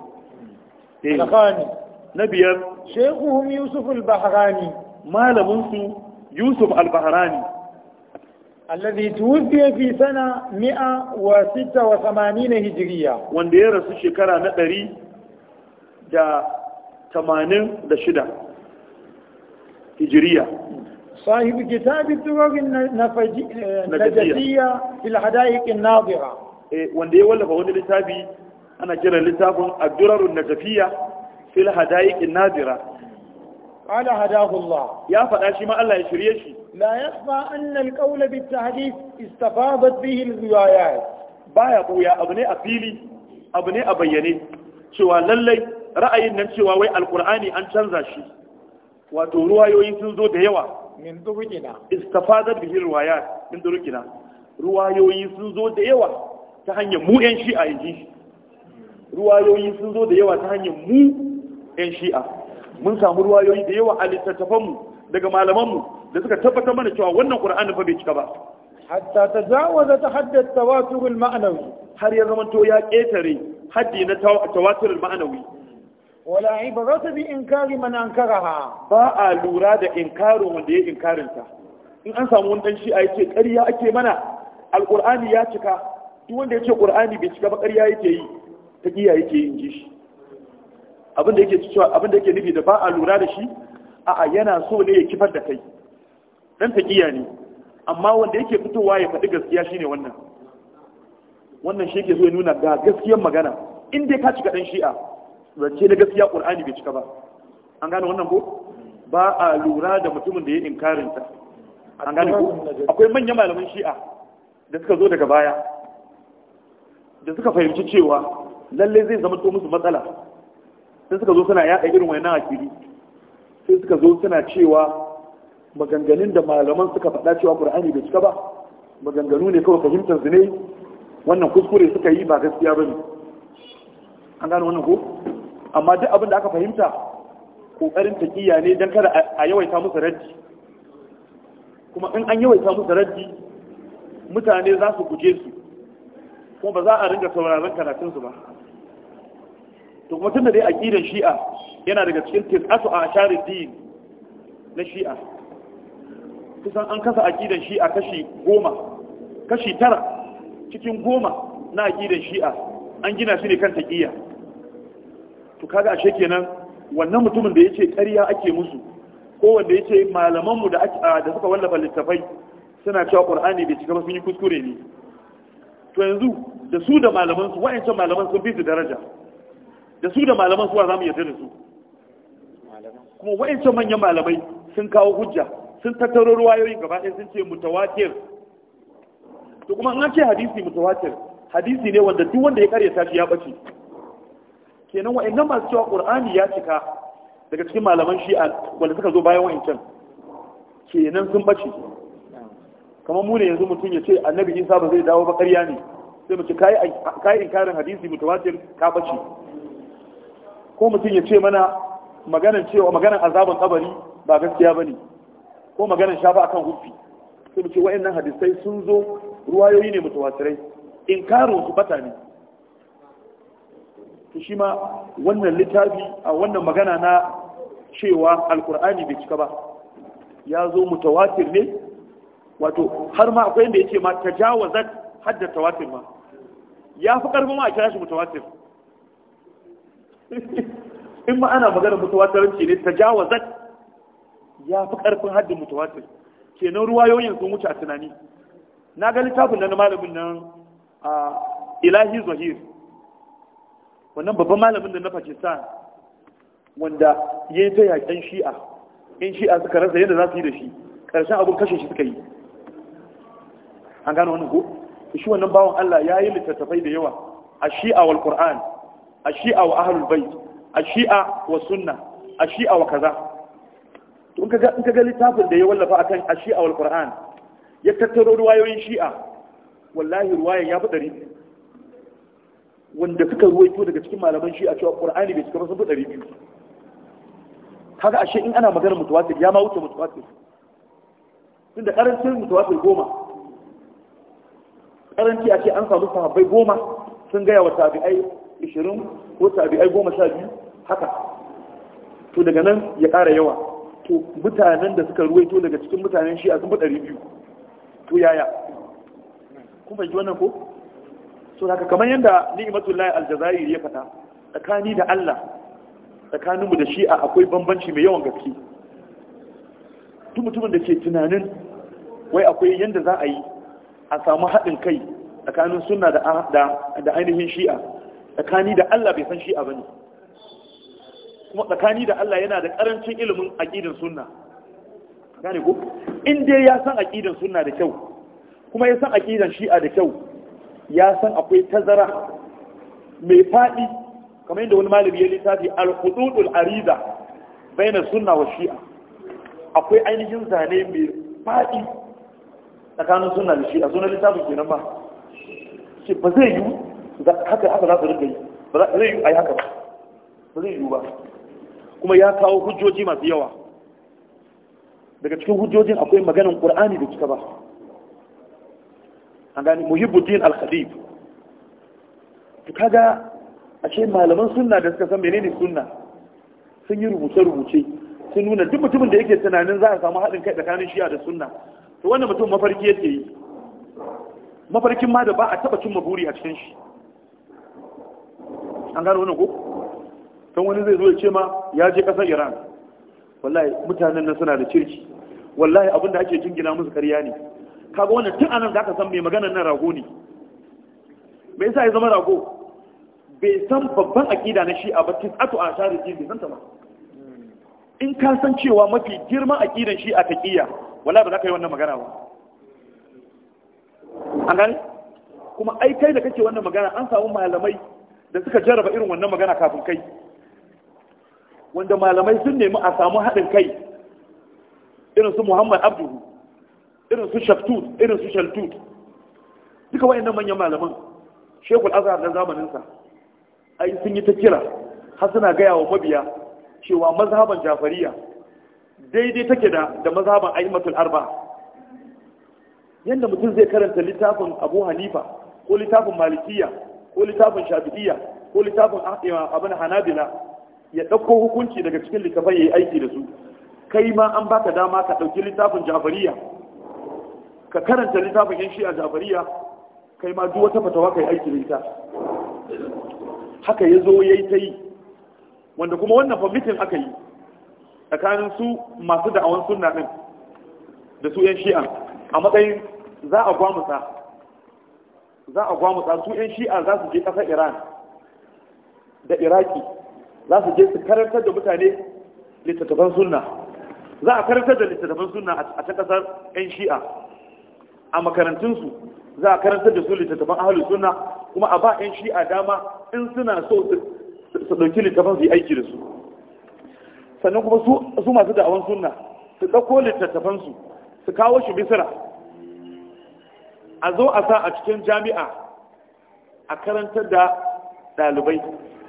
Speaker 1: alkhani
Speaker 2: na biyar shekuhum yusuf al-bahrani malamin su yusuf al-bahrani alladhi توفي fi sana 186
Speaker 1: hijriya wanda ya rasu shekara na 186 hijriya
Speaker 2: صاحب كتاب الدروب النفجية في الحدائق الناظرة
Speaker 1: Eh, wanda ya wallafa wani littafi ana kiran littafin ad-durarun najafiyya fil hadayiq an-nadira
Speaker 2: qala hadahu Allah ya faɗa shi ma Allah ya shirye shi la yasfa anna al-qawla bit-tahdith istafadat bihi al-riwayat baya
Speaker 1: buya abu ne a fili abu ne a bayyane cewa lallai ra'ayin nan cewa wai alkur'ani an canza shi wato ruwayoyi sun zo da yawa
Speaker 2: min durukina
Speaker 1: istafadat bihi riwayat min durukina ruwayoyi sun zo da yawa ta hanyar mu yan shi'a yanzu ruwayoyi sun zo da yawa ta hanyar mu yan shi'a mun samu ruwayoyi da yawa a littattafanmu daga malamanmu da suka tabbatar mana cewa wannan qur'ani da bai cika ba
Speaker 2: hatta tajawaza ta tawatur tawaturin manawi
Speaker 1: har ya zamanto ya ketare haddi na tawatur al-ma'nawi
Speaker 2: wala ibrata bi inkari man ankaraha
Speaker 1: ba a lura da inkarin wanda ya inkarin in an samu wani dan shi'a yace ƙarya ake mana alqur'ani ya cika duk wanda ya ce qur'ani bai cika ba ƙarya yake yi ta giya yake yin inji shi abinda yake cewa abinda yake nufi da ba a lura da shi a'a yana so ne ya kifar da kai dan ta giya ne amma wanda yake fitowa ya faɗi gaskiya shine wannan wannan shi yake so ya nuna ga gaskiyar magana in dai ka cika dan shi'a zance na gaskiya qur'ani bai cika ba an gane wannan ko ba a lura da mutumin da ya inkarinta an gane ko akwai manyan malaman shi'a da suka zo daga baya da suka fahimci cewa lalle zai zama to musu matsala sai suka zo suna yaɗa irin wayannan hakiri. sai suka zo suna cewa maganganun da malaman suka faɗa cewa ƙur'ani bai cika ba maganganu ne kawai fahimtar su ne wannan kuskure suka yi ba gaskiya ba ne. an gane wannan ko amma duk abin da aka fahimta kokarin takiya ne don kada a yawaita musu raddi kuma in an yawaita musu raddi mutane za su guje su kuma ba za a ringa sauraron karatunsu ba to mutum da dai aƙidar shi'a yana daga cikin tis'atu a asharin din na shi'a kusan an kasa aƙidar shi'a kashi goma kashi tara cikin goma na aƙidar shi'a an gina shi ne kan taƙiyya to kaga ashe kenan wannan mutumin da ya ce ƙarya ake musu ko wanda ya ce malamanmu da suka wallafa littafai suna cewa qur'ani bai cika ba sun yi kuskure ne to yanzu da su da malaman su wa'ancan malaman sun fi su daraja da su da malaman su wa zamu yarda da su kuma wa'ancan manyan malamai sun kawo hujja sun tattaro ruwayoyin gaba ɗaya sun ce mutawatir to kuma an ce hadisi mutawatir hadisi ne wanda duk wanda ya karyata shi ya bace kenan wa'annan masu cewa qur'ani ya cika daga cikin malaman shi'a wanda suka zo bayan wa'ancan kenan sun bace kamar mu ne yanzu mutum ya ce annabi isa ba zai dawo ba ƙarya ne sai mu ce inkarin hadisi mutawatir ka bace ko mutum ya ce mana maganar cewa maganar azaban kabari ba gaskiya bane ko maganar shafa akan hufi sai mu ce wayannan hadisai sun zo ruwayoyi ne mutawatirai inkarin su bata ne to shi ma wannan littafi a wannan magana na cewa alkur'ani bai cika ba ya zo mutawatir ne wato har ma akwai inda yake ma tajawazat haddar tawatir ma ya fi ƙarfin ma a kira shi mutawatir in ma ana maganar mutawatiranci ne tajawazat ya fi karfin hajjar mutawatir kenan ruwayoyin sun wuce a tunani na ga littafin na malamin nan a ilahi zahir wannan babban malamin da na pakistan wanda ya yi ta yaƙen shi'a in shi'a suka rasa yadda za su yi da shi ƙarshen abin kashe shi suka yi an gano wani ko shi wannan bawan Allah ya yi littattafai da yawa a shi'a wal qur'an a shi'a wa ahlul bait a shi'a wa sunna a shi'a wa kaza to in kaga in kaga littafin da ya wallafa akan a shi'a wal qur'an ya tattaro ruwayoyin shi'a wallahi ruwayan ya fi ɗari wanda suka ruwaito daga cikin malaman shi'a cewa qur'ani bai cika ba sun fi ɗari biyu kaga ashe in ana maganar mutawatir ya ma wuce mutawatir tun da karancin mutawatir goma karanci a ce an samu sahabbai goma sun gaya wa tabi'ai ishirin ko tabi'ai goma sha biyu haka to daga nan ya ƙara yawa to mutanen da suka ruwaito daga cikin mutanen shi a sun ɗari biyu to yaya kun fahimci wannan ko so haka kamar yadda ni'matullahi aljazair ya faɗa tsakani da Allah tsakaninmu da a akwai bambanci mai yawan gaske duk mutumin da ke tunanin wai akwai yadda za a yi a samu haɗin kai tsakanin suna da ainihin shi'a tsakani da Allah bai san shi'a ba ne kuma tsakani da Allah yana da ƙarancin ilimin aƙidin suna. gane ku in dai ya san aƙidin suna da kyau kuma ya san aƙidin shi'a da kyau ya san akwai tazara mai faɗi kamar yadda wani malami ya littafi al ariza bayna sunna wa shi'a akwai ainihin zane mai faɗi tsakanin suna da shi a sunan littafin kenan ba ce ba zai yi haka haka za su rinka yi ba zai yi a yi haka ba ba zai yi ba kuma ya kawo hujjoji masu yawa daga cikin hujjojin akwai maganin ƙur'ani da cika ba a gani muhibbudin al-khalif to kaga ashe malaman suna da suka san menene suna sun yi rubuce-rubuce sun nuna duk mutumin da yake tunanin za a samu haɗin kai tsakanin shiya da sunna to wannan mutum mafarki yake yi mafarkin ma da ba a taba cimma buri a cikin shi an gano wannan ko kan wani zai zo ya ce ma ya je kasar iran wallahi mutanen nan suna da kirki wallahi da ake jingina musu karya ne kaga wannan tun anan zaka san mai maganar nan rago ne me yasa ya zama rago bai san babban akida na shi'a ba tis'atu ashar din bai san ta ba in ka san cewa mafi girman akidan shi'a taqiyya wala ba za ka yi wannan magana ba an gani kuma ai kai da kake wannan magana an samu malamai da suka jarraba irin wannan magana kafin kai wanda malamai sun nemi a samu haɗin kai irin su muhammad abduhu irin su shaftut irin su shaltut duka wayannan manyan malaman shekul azhar na zamaninsa ai sun yi ta kira har suna gaya wa mabiya cewa mazhaban jafariya daidai take da da mazhaban aimatul arba yanda mutum zai karanta littafin abu hanifa ko littafin malikiya ko littafin shafi'iyya ko littafin eh, abin hanabila ya ɗauko hukunci daga cikin littafin ya yi aiki da su kai ma an baka dama ka ɗauki littafin jafariya ka karanta littafin yan shi'a jafariya kai ma duk wata fatawa ka yi aiki da ita haka ya zo ya yi ta yi wanda kuma wannan fa mitin aka yi tsakanin su masu da'awan sunna din da su yan shi'a a matsayin za a gwamusa za a gwamusa su yan shi'a za su je ƙasar iran da iraki za su je su karantar da mutane littattafan sunna za a karantar da littattafan sunna a ta ƙasar yan shi'a a makarantunsu za a karantar da su littattafan ahalus sunna kuma a ba yan shi'a dama in suna so su ɗauki littattafan su yi aiki da su sannan kuma su masu da'awan sunna su ɗauko littattafansu su kawo shi misira a zo a sa a cikin jami'a a karantar da ɗalibai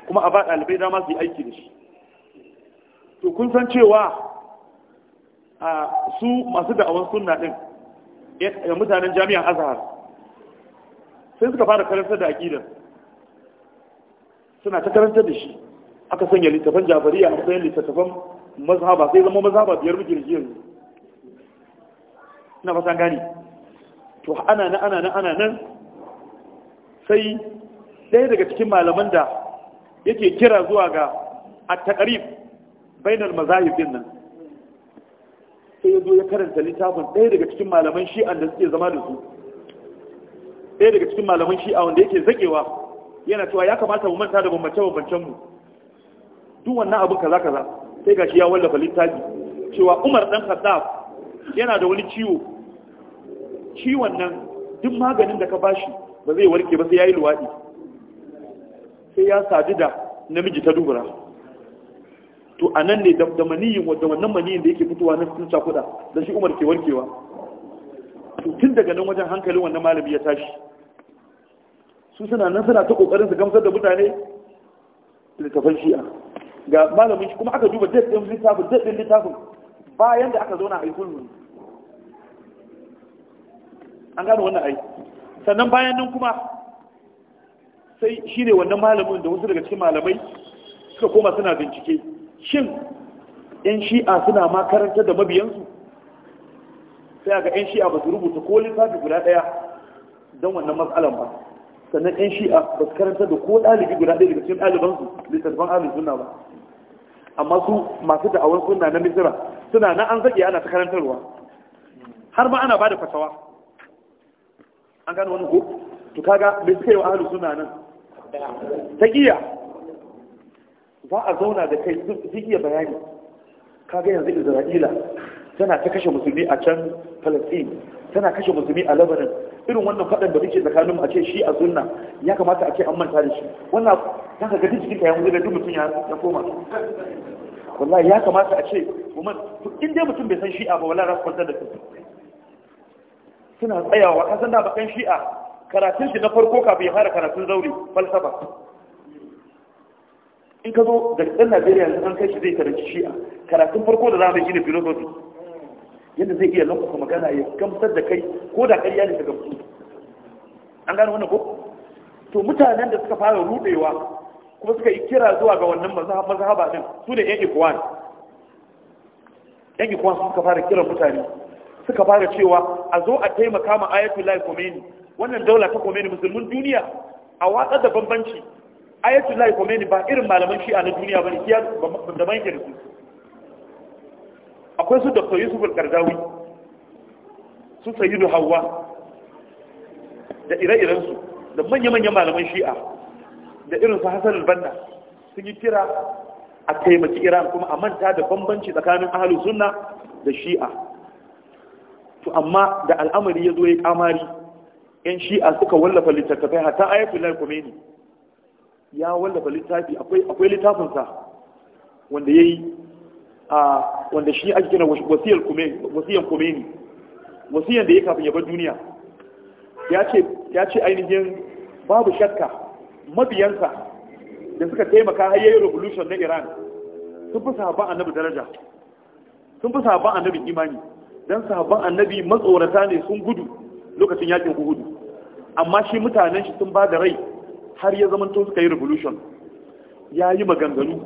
Speaker 1: kuma a ba ɗalibai dama su yi aiki da shi to kun san cewa a su masu da'awan sunna ɗin mutanen jami'an azhar sai suka fara karantar da aƙidar suna ta karantar da shi aka sanya littafan jabariya a matsayin littattafan mazhaba sai zama mazhaba biyar muke da yanzu na fasa gani to ana na ana na ana nan sai ɗaya daga cikin malaman da yake kira zuwa ga a taƙarif bainar mazahibin nan sai ya zo ya karanta littafin ɗaya daga cikin malaman shi'an da suke zama da su ɗaya daga cikin malaman shi'a wanda yake zakewa yana cewa ya kamata mu manta da bambance bambancen mu duk wannan abu kaza kaza sai gashi ya wallafa littafi cewa Umar dan Khattab yana da wani ciwo ciwon nan duk maganin da ka bashi ba zai warke ba sai yayi luwadi sai ya sadu da namiji ta dubura to anan ne da maniyin da wannan maniyin da yake fitowa na cikin sakuda da shi Umar ke warkewa to tun daga nan wajen hankalin wannan malami ya tashi su suna nan suna ta kokarin su gamsar da mutane littafan shi'a ga malamin shi kuma aka duba daɗin littafin daɗin littafin bayan da aka zauna a yi sulhu an gano wannan ai sannan bayan nan kuma sai shi ne wannan malamin da wasu daga cikin malamai suka koma suna bincike shin yan shi'a suna makaranta da mabiyansu sai ga yan shi'a ba su rubuta ko littafi guda ɗaya don wannan matsalan ba sannan yan shi'a ba su karanta da ko ɗalibi guda ɗaya daga cikin ɗalibansu littattafan ahalin sunna ba amma su masu da'awar sunna na misira suna na an zage ana ta karantarwa har ma ana bada fatawa an gano wani ko to kaga me suke yi wa sunna nan giya za a zauna da kai sun iya bayani kaga yanzu Isra'ila tana ta kashe musulmi a can Palestine tana kashe musulmi a Lebanon irin wannan faɗan da muke tsakanin a ce shi a sunna ya kamata a ce an manta da shi wannan ta ka gaji jikinka ya da duk mutum ya koma
Speaker 3: wallahi ya kamata
Speaker 1: a ce woman in dai mutum bai san shi'a ba wallahi su kwantar da su suna tsayawa ka san da bakan shi'a karatun shi na farko kafin ya fara karatun zaure falsafa in ka zo da ɗan najeriya yanzu an kai shi zai karanci shi'a karatun farko da zamu yi ne philosophy yadda zai iya lankwasa magana ya gamsar da kai ko da ƙarya ne ta gamsu an gano wannan ko to mutanen da suka fara rudewa kuma suka yi kira zuwa ga wannan mazhaba din su ne yan ikwan yan ikwan suka fara kiran mutane suka fara cewa a zo a taimaka ma ayatullahi komeni wannan daula ta komeni musulmin duniya a watsar da bambanci ayatullahi komeni ba irin malaman shi'a na duniya ba ne kiya da banke akwai su dr yusuf al-kardawi su sayyidu hawa da ire-irensu da manya-manyan malaman shi'a da irin su hassan albanna sun yi kira a taimaki iran kuma a manta da bambanci tsakanin ahalus sunna da shi'a to amma da al'amari ya zo ya kamari yan shi'a suka wallafa littattafai hatta ayatollah khomeini ya wallafa littafi akwai littafinsa wanda ya yi a wanda shi ake kira wasiyar khomeini wasiyar da ya kafin ya bar duniya ya ce ainihin babu shakka mabiyansa da suka taimaka har yi revolution na Iran sun fi sahabban annabi daraja sun fi sahabban annabi imani dan sahabban annabi matsorata ne sun gudu lokacin yakin gudu. amma shi mutanen shi sun ba da rai har ya zamanto suka yi revolution ya yi maganganu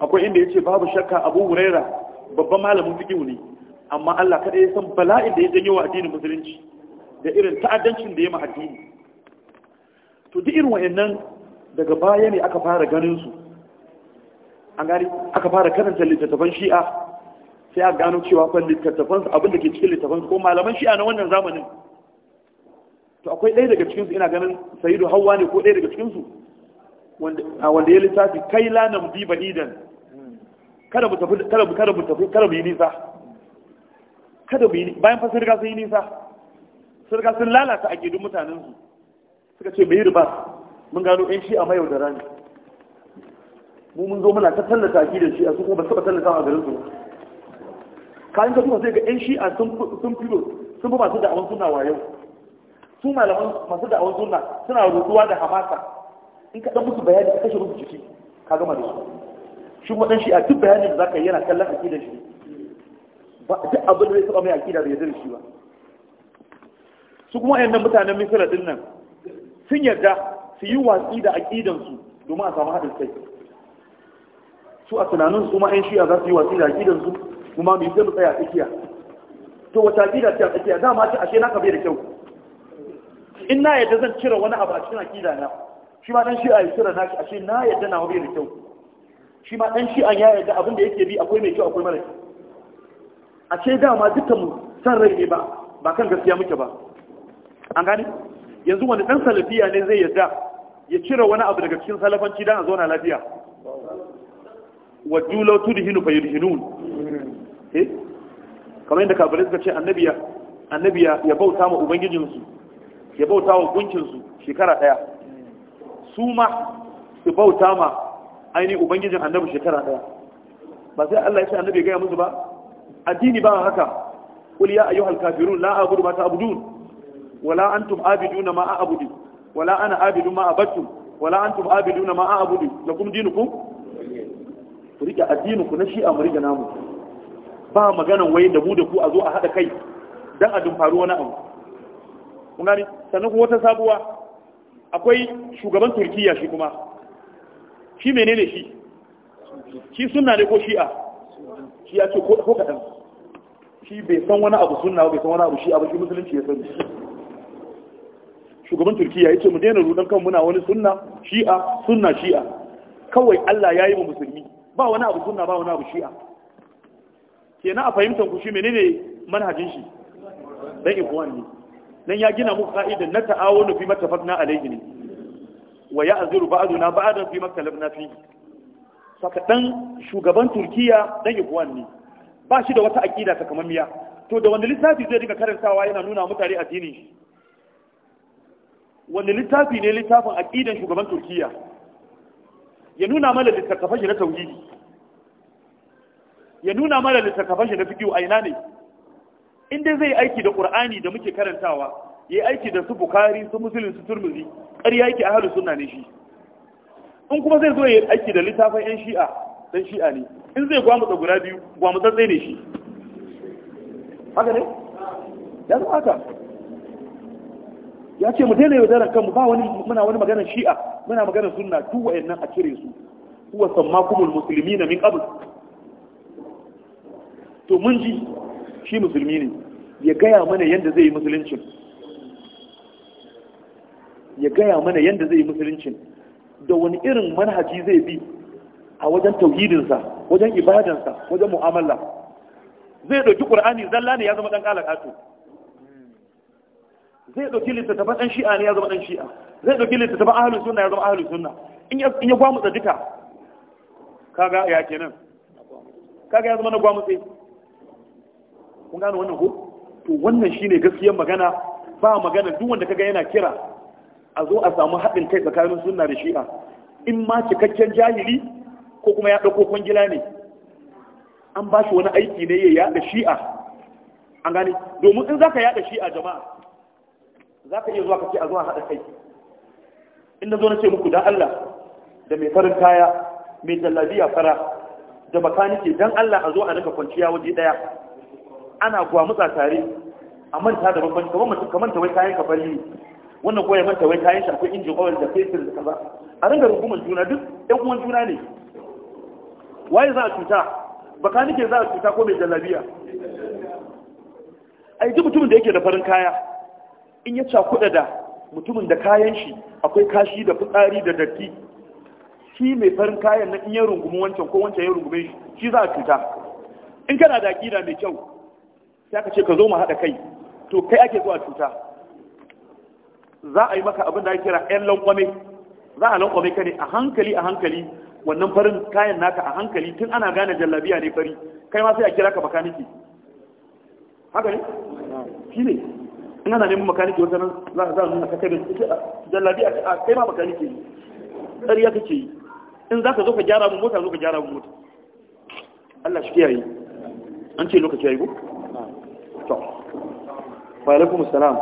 Speaker 1: akwai inda ya ce babu shakka abu huraira babban malamin fikihu ne amma Allah kada ya san bala'in da ya janyo wa addinin musulunci da irin ta'addancin da ya addini to duk irin wa'annan daga baya ne aka fara ganin su an gani aka fara karanta littattafan shi'a sai a gano cewa kan littattafan abin da ke cikin littattafan ko malaman shi'a na wannan zamanin to akwai ɗaya daga cikinsu ina ganin sayidu hawa ne ko ɗaya daga cikinsu wanda ya littafi kai lanan bi ba'idan kada mu tafi kada mu tafi kada mu yi nisa kada mu yi bayan fasir sun sai yi nisa Sarka sun lalata a gidan mutanensu suka ce bai riba mun gano yan shi a mayau da rani mu mun zo muna ta tallata gidan shi a su kuma ba tallata a garin su kayan yi kuma sai ga yan shi a sun filo sun fi masu da'awan suna wayo su malaman masu da'awan suna suna rutuwa da hamasa in ka ɗan musu bayani ka kashe musu jiki ka gama da su shi kuma ɗan shi a duk bayanin da za ka yi yana kallon aƙidar shi ba duk abin da zai taɓa mai aƙidar da ya zai shi ba su kuma yadda mutanen misira din nan sun yarda su yi watsi da aqidansu domin a samu haɗin kai su a tunanin su ma ƴan shi'a za su yi watsi da aqidansu kuma mu yi zai tsaya tsakiya to wata aqida ce a tsakiya dama ce ashe ka bai da kyau in na yadda zan cire wani abu a cikin aqida na shi ma dan shi'a ya cire naki ashe na yadda na bai da kyau shi ma dan shi'a ya yadda abin da yake bi akwai mai kyau akwai mara kyau ashe dama dukkan mu san rai ne ba ba kan gaskiya muke ba an gani yanzu wani ɗan salafiya ne zai yadda ya cire wani abu daga cikin salafanci don a zauna lafiya wajju law tudhinu fayudhinun eh kamar yadda kafirai suka ce annabiya annabiya ya bauta ma ubangijinsu ya bauta wa gunkinsu shekara ɗaya su ma su bauta ma ainihin ubangijin annabi shekara ɗaya ba sai Allah ya ce annabi ya gaya musu ba addini ba haka kul ya ayyuhal kafirun la a'budu ma ta'budun wala antum abiduna ma a'budu wala ana abidu ma abattum wala antum abiduna ma a'budu lakum dinukum ku rike addinin ku na shi'a mu rike namu ba maganan wai da mu da ku a zo a hada kai dan a dumfaru wani abu kun gani sannan kuma wata sabuwa akwai shugaban turkiya shi kuma shi menene shi shi sunna ne ko shi'a shi ya ce ko kaɗan shi bai san wani abu sunna bai san wani abu shi'a ba shi musulunci ya sani shugaban turkiya ya ce mu daina rudan kan muna wani sunna shi'a sunna shi'a kawai allah ya yi wa musulmi ba wani abu sunna ba wani abu shi'a kenan a fahimtar ku shi menene manhajin shi dan ikwan ne dan ya gina muku ka'ida na ta'awunu fi mattafaqna alayhi ne wa ya'ziru ba'duna ba'dan fi mattalabna fi saka dan shugaban turkiya dan ikwan ne ba shi da wata aqida ta kamammiya to da wanda lissafi zai dinga karantawa yana nuna mutane addinin shi wanda littafi ne littafin aqidan shugaban turkiya ya nuna mana littattafan shi na tauhidi ya nuna mana littattafan shi na fiqh a ne in dai zai aiki da qur'ani da muke karantawa ya aiki da su bukari su musulun su turmuzi ƙarya yake ahalu sunna ne shi in kuma zai zo ya aiki da littafin yan shi'a dan shi'a ne in zai gwamutsa guda biyu zai ne shi haka ne ya zama haka ya ce mu daina yaudarar kanmu ba wani muna wani maganar shi'a muna maganar sunna duk 'yannan a cire su kuwa huwa musulmi na min qabl to mun ji shi musulmi ne ya gaya mana yadda zai yi musuluncin ya gaya mana yadda zai yi musuluncin da wani irin manhaji zai bi a wajen tauhidinsa wajen ibadansa wajen mu'amala zai ɗauki ƙur'ani zalla ne ya zama ɗan ƙala zai ɗauki littattafan ɗan shi'a ne ya zama ɗan shi'a zai ɗauki littattafan ahalin sunna ya zama ahalin sunna in ya gwamutsa duka kaga ya kenan kaga ya zama na gwamutse kun gano wannan ko to wannan shine gaskiyar magana ba magana duk wanda kaga yana kira a zo a samu haɗin kai tsakanin sunna da shi'a in ma cikakken jahili ko kuma ya ɗauko kwangila ne an ba shi wani aiki ne ya yaɗa shi'a an gane domin in za ka yaɗa shi'a jama'a za ka iya zuwa ka ce a zuwa haɗa kai inda zo na ce muku don Allah da mai farin kaya mai jallabiya fara da makaniki don Allah a zo a daga kwanciya waje ɗaya ana gwamutsa tare a manta da babban kamar mutum kamar tawai kayan ka fari wannan kuwa ya manta wai kayan shi akwai injin oil da fetur da kaza a ringa rungumar juna duk ɗan uwan juna ne waye za a cuta bakanike za a cuta ko mai jallabiya a yi mutumin da yake da farin kaya in ya cakuɗa da mutumin da kayan shi akwai kashi da fitsari da datti shi mai farin kayan na in ya rungumi wancan ko wancan ya rungume shi shi za a cuta in kana da aƙida mai kyau sai aka ce ka zo mu haɗa kai to kai ake zuwa cuta za a yi maka abin da ake kira 'yan lankwame za a lankwame ka ne a hankali a hankali wannan farin kayan naka a hankali tun ana gane jallabiya ne fari kai ma sai a kira ka bakaniki haka ne shi ne ina na neman makaniki wata nan za a nuna ka kai jallabi a kai ma makaniki ne ƙarya kake yi in za ka zo ka gyara mu mota zo ka gyara mu mota Allah shi kiyaye an ce lokaci ya yi ko to wa alaikum assalam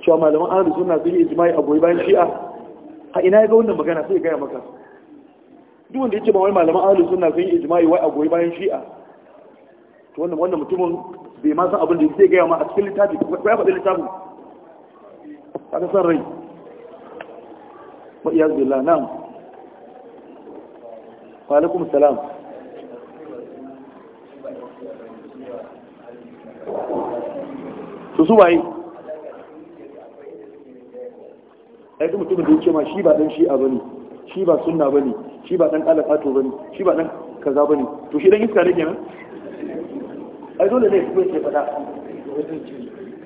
Speaker 1: cewa malaman ahalus suna sun ijima'i a goyi bayan shi'a a ina ya ga wannan magana sai ya gaya maka duk wanda yake ba wai malaman ahli sunna sun yi ijma'i wai a goyi bayan shi'a to wannan wannan mutumin bai ma san abin da yake gaya ma a cikin littafi ko ya faɗi littafin kaga san rai wa iyaz billah na'am wa alaikum salam su su waye ai mutumin da yake ma shi ba dan shi'a bane shi ba sunna bane shi ba dan ba bane shi ba dan kaza bane to shi dan iska ne kenan
Speaker 3: ai dole ne kuma ke fada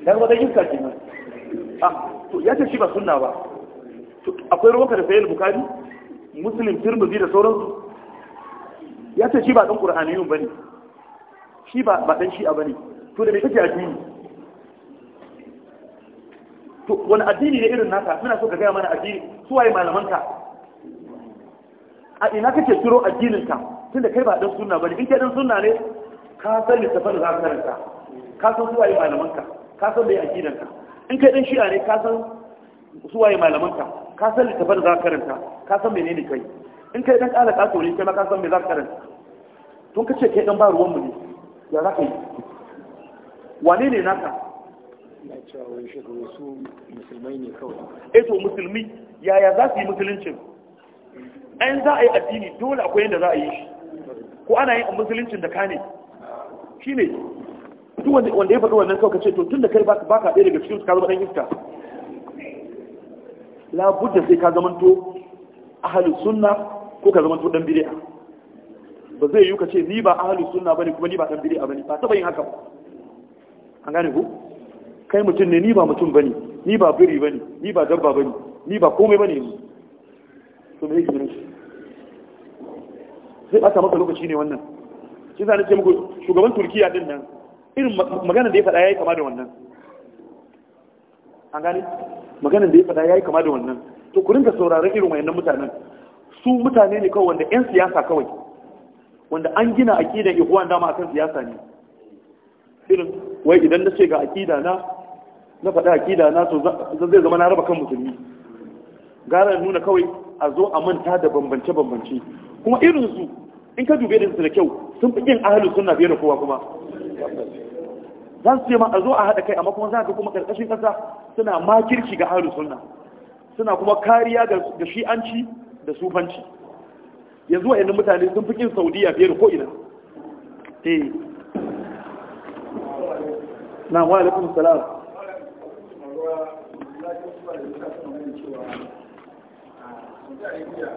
Speaker 3: dan wata iska kenan
Speaker 1: ah to ya ce shi ba sunna ba to akwai ruwanka da sayyid bukhari muslim tirmidhi da sauran. ya ce shi ba dan qur'aniyun bane shi ba ba dan shi'a bane to da me kake addini to wani addini ne irin naka muna so ka gaya mana addini su waye malamanka a ina kake ciro addininka tunda kai ba dan sunna bane in kai dan sunna ne ka san littafin safar za ka karanta ka san suwaye malamanka ka san da ya aqidanka in kai dan shi'a ne ka san suwaye malamanka ka san littafin safar za ka karanta ka san menene kai in kai dan kala kaso ne kai ma ka san me za ka karanta tun kace kai dan ba ruwan mu ne ya za ka yi wane ne naka eh to musulmi yaya za su yi musuluncin an za a yi addini dole akwai yadda za a yi shi ko ana yin musuluncin da ka ne shi ne duk wanda ya faɗi wannan kawai ce to tun da kai ba ka ɗaya daga cikin ka zama ɗan iska labudda sai ka zamanto ahalin sunna ko ka zamanto ɗan bidi'a ba zai yi ka ce ni ba ahalin sunna ne kuma ni ba ɗan ba bane ba taɓa yin haka ba an gane ku kai mutum ne ni ba mutum bane ni ba biri bane ni ba dabba bane ni ba komai bane ne to me yake zai bata maka lokaci ne wannan shi a nake muku shugaban turkiya din nan irin magana da ya faɗa yayi kama da wannan an gane maganar da ya faɗa yayi kama da wannan to ku rinka sauraron irin wayannan mutanen su mutane ne kawai wanda yan siyasa kawai wanda an gina aqidar ihwan dama akan siyasa ne irin wai idan na ce ga aqida na na faɗa aqida na to zai zama na raba kan musulmi gara nuna kawai a zo a manta da bambance-bambance kuma irin su in ka dube su da kyau sun fi yin ahalu sunna biyar da kowa kuma za su ce ma a zo a haɗa kai amma kuma za ka kuma ƙarƙashin ƙasa suna makirci ga ahalu sunna suna kuma kariya ga shi'anci da sufanci yanzu wa'annan mutane sun fi yin saudiya biyar da ko'ina eh na wa alaikum salam Yeah.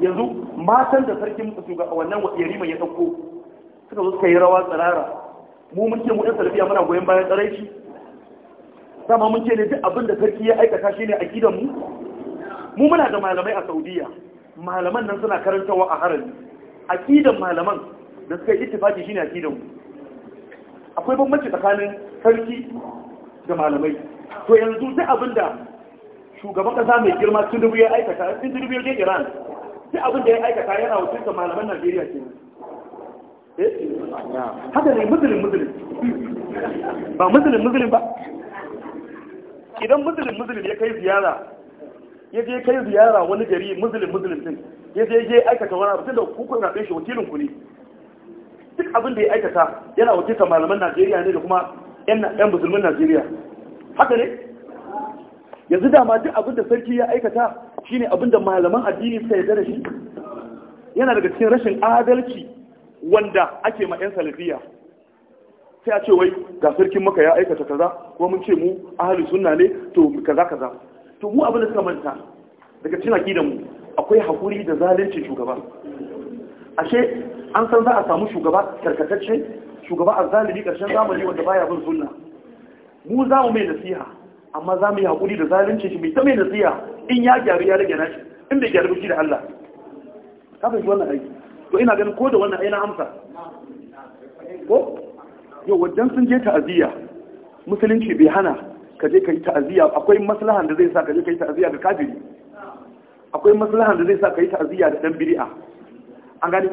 Speaker 1: yanzu matan da sarkin wannan mai ya ɗauko suka zo suka yi rawa tsirara mu mun ce mu ɗan salafiya muna goyon bayan tsaraici sama mun ce ne duk abin da sarki ya aikata shi ne a gidanmu mu muna da malamai a saudiya malaman nan suna karantawa a a gidan malaman da suka yi ittifaki shine aqidan mu akwai bambanci tsakanin sarki da malamai to yanzu duk abinda shugaban kasa mai girma dubu ya aikata dubu ya ke Iran duk abin da ya aikata yana ta malaman najeriya ke eh? haka ne musulun musulun ba musulun musulun ba idan musulun musulun ya kai ziyara ya je kai ziyara wani gari musulun musulun din ya je je aikata wani abu da kuka na shi wakilin ku ne duk abin da ya aikata yana ta malaman najeriya ne da kuma yan musulmin najeriya haka ne yanzu dama duk abin da sarki ya aikata shine abin da malaman addini suka yarda da shi yana daga cikin rashin adalci wanda ake ma yan salafiya sai a ce wai ga sarkin maka ya aikata kaza kuma mun ce mu ahli sunna ne to kaza kaza to mu abin da suka manta daga cikin akidar mu akwai hakuri da zalunci shugaba ashe an san za a samu shugaba karkatacce shugaba azzalimi karshen zamani wanda baya bin sunna mu za mu mai nasiha amma za mu yi haƙuri da zalunci shi mai ta mai nasiya in ya gyaru ya rage nashi in bai gyaru shi da Allah ka fahimci wannan aiki to ina ganin ko da wannan aina amsa
Speaker 3: ko yau
Speaker 1: wajen sun je ta'aziyya musulunci bai hana ka je ka yi ta'aziyya akwai maslahan da zai sa ka je ka yi ta'aziyya ga kafiri akwai maslahan da zai sa ka yi ta'aziyya da dan bid'a an gani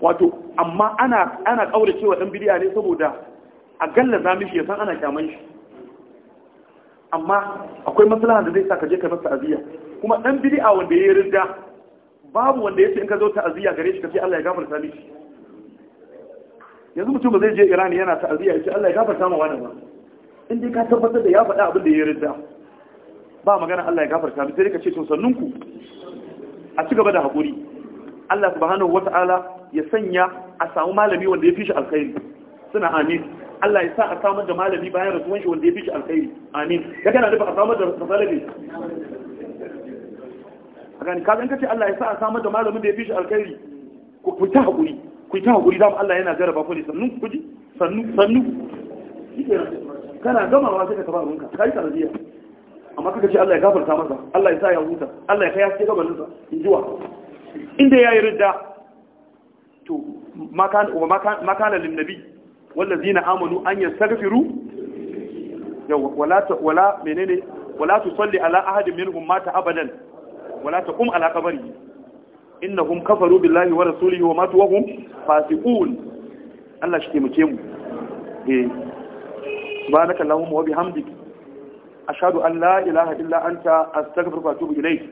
Speaker 1: wato amma ana ana kaurace wa dan bid'a ne saboda a galla mishi ya san ana kyaman shi amma akwai maslahan da zai sa ka je ka masa aziya kuma dan bid'a wanda yayi ridda babu wanda yace in ka zo aziya gare shi ce Allah ya gafarta miki yanzu mutum ba zai je Iran yana ya yace Allah ya gafarta ma wannan ba in dai ka tabbatar da ya faɗa abin da yayi ridda ba magana Allah ya gafarta miki sai ka ce to sannunku a ci gaba da hakuri Allah subhanahu wata'ala ya sanya a samu malami wanda ya fi shi alkhairi suna amin Allah ya sa a samar da malami bayan rasuwan shi wanda ya fi shi alkhairi amin ya kana nufin a samar da malami a gani kazan kace Allah ya sa a samar da malamin da ya fi shi alkhairi ku ta haƙuri, ku ta hakuri zamu Allah yana jaraba ku ne sannu ku ji sannu sannu kana gamawa sai ka taba abinka kai sanadiya amma kaga ce Allah ya gafarta masa Allah ya sa ya huta Allah ya kai haske gabanin in zuwa. inda yayi ridda to makan wa makan makan nabi wallazina amanu an yastaghfiru yawa wala wala menene wala tusalli ala ahadin minhum mata abadan wala taqum ala qabrihi innahum kafaru billahi wa rasulihi wa matu wa hum fasiqun Allah shi taimake mu eh subhanaka allahumma wa bihamdik ashhadu an la ilaha illa anta astaghfiruka wa atubu ilayk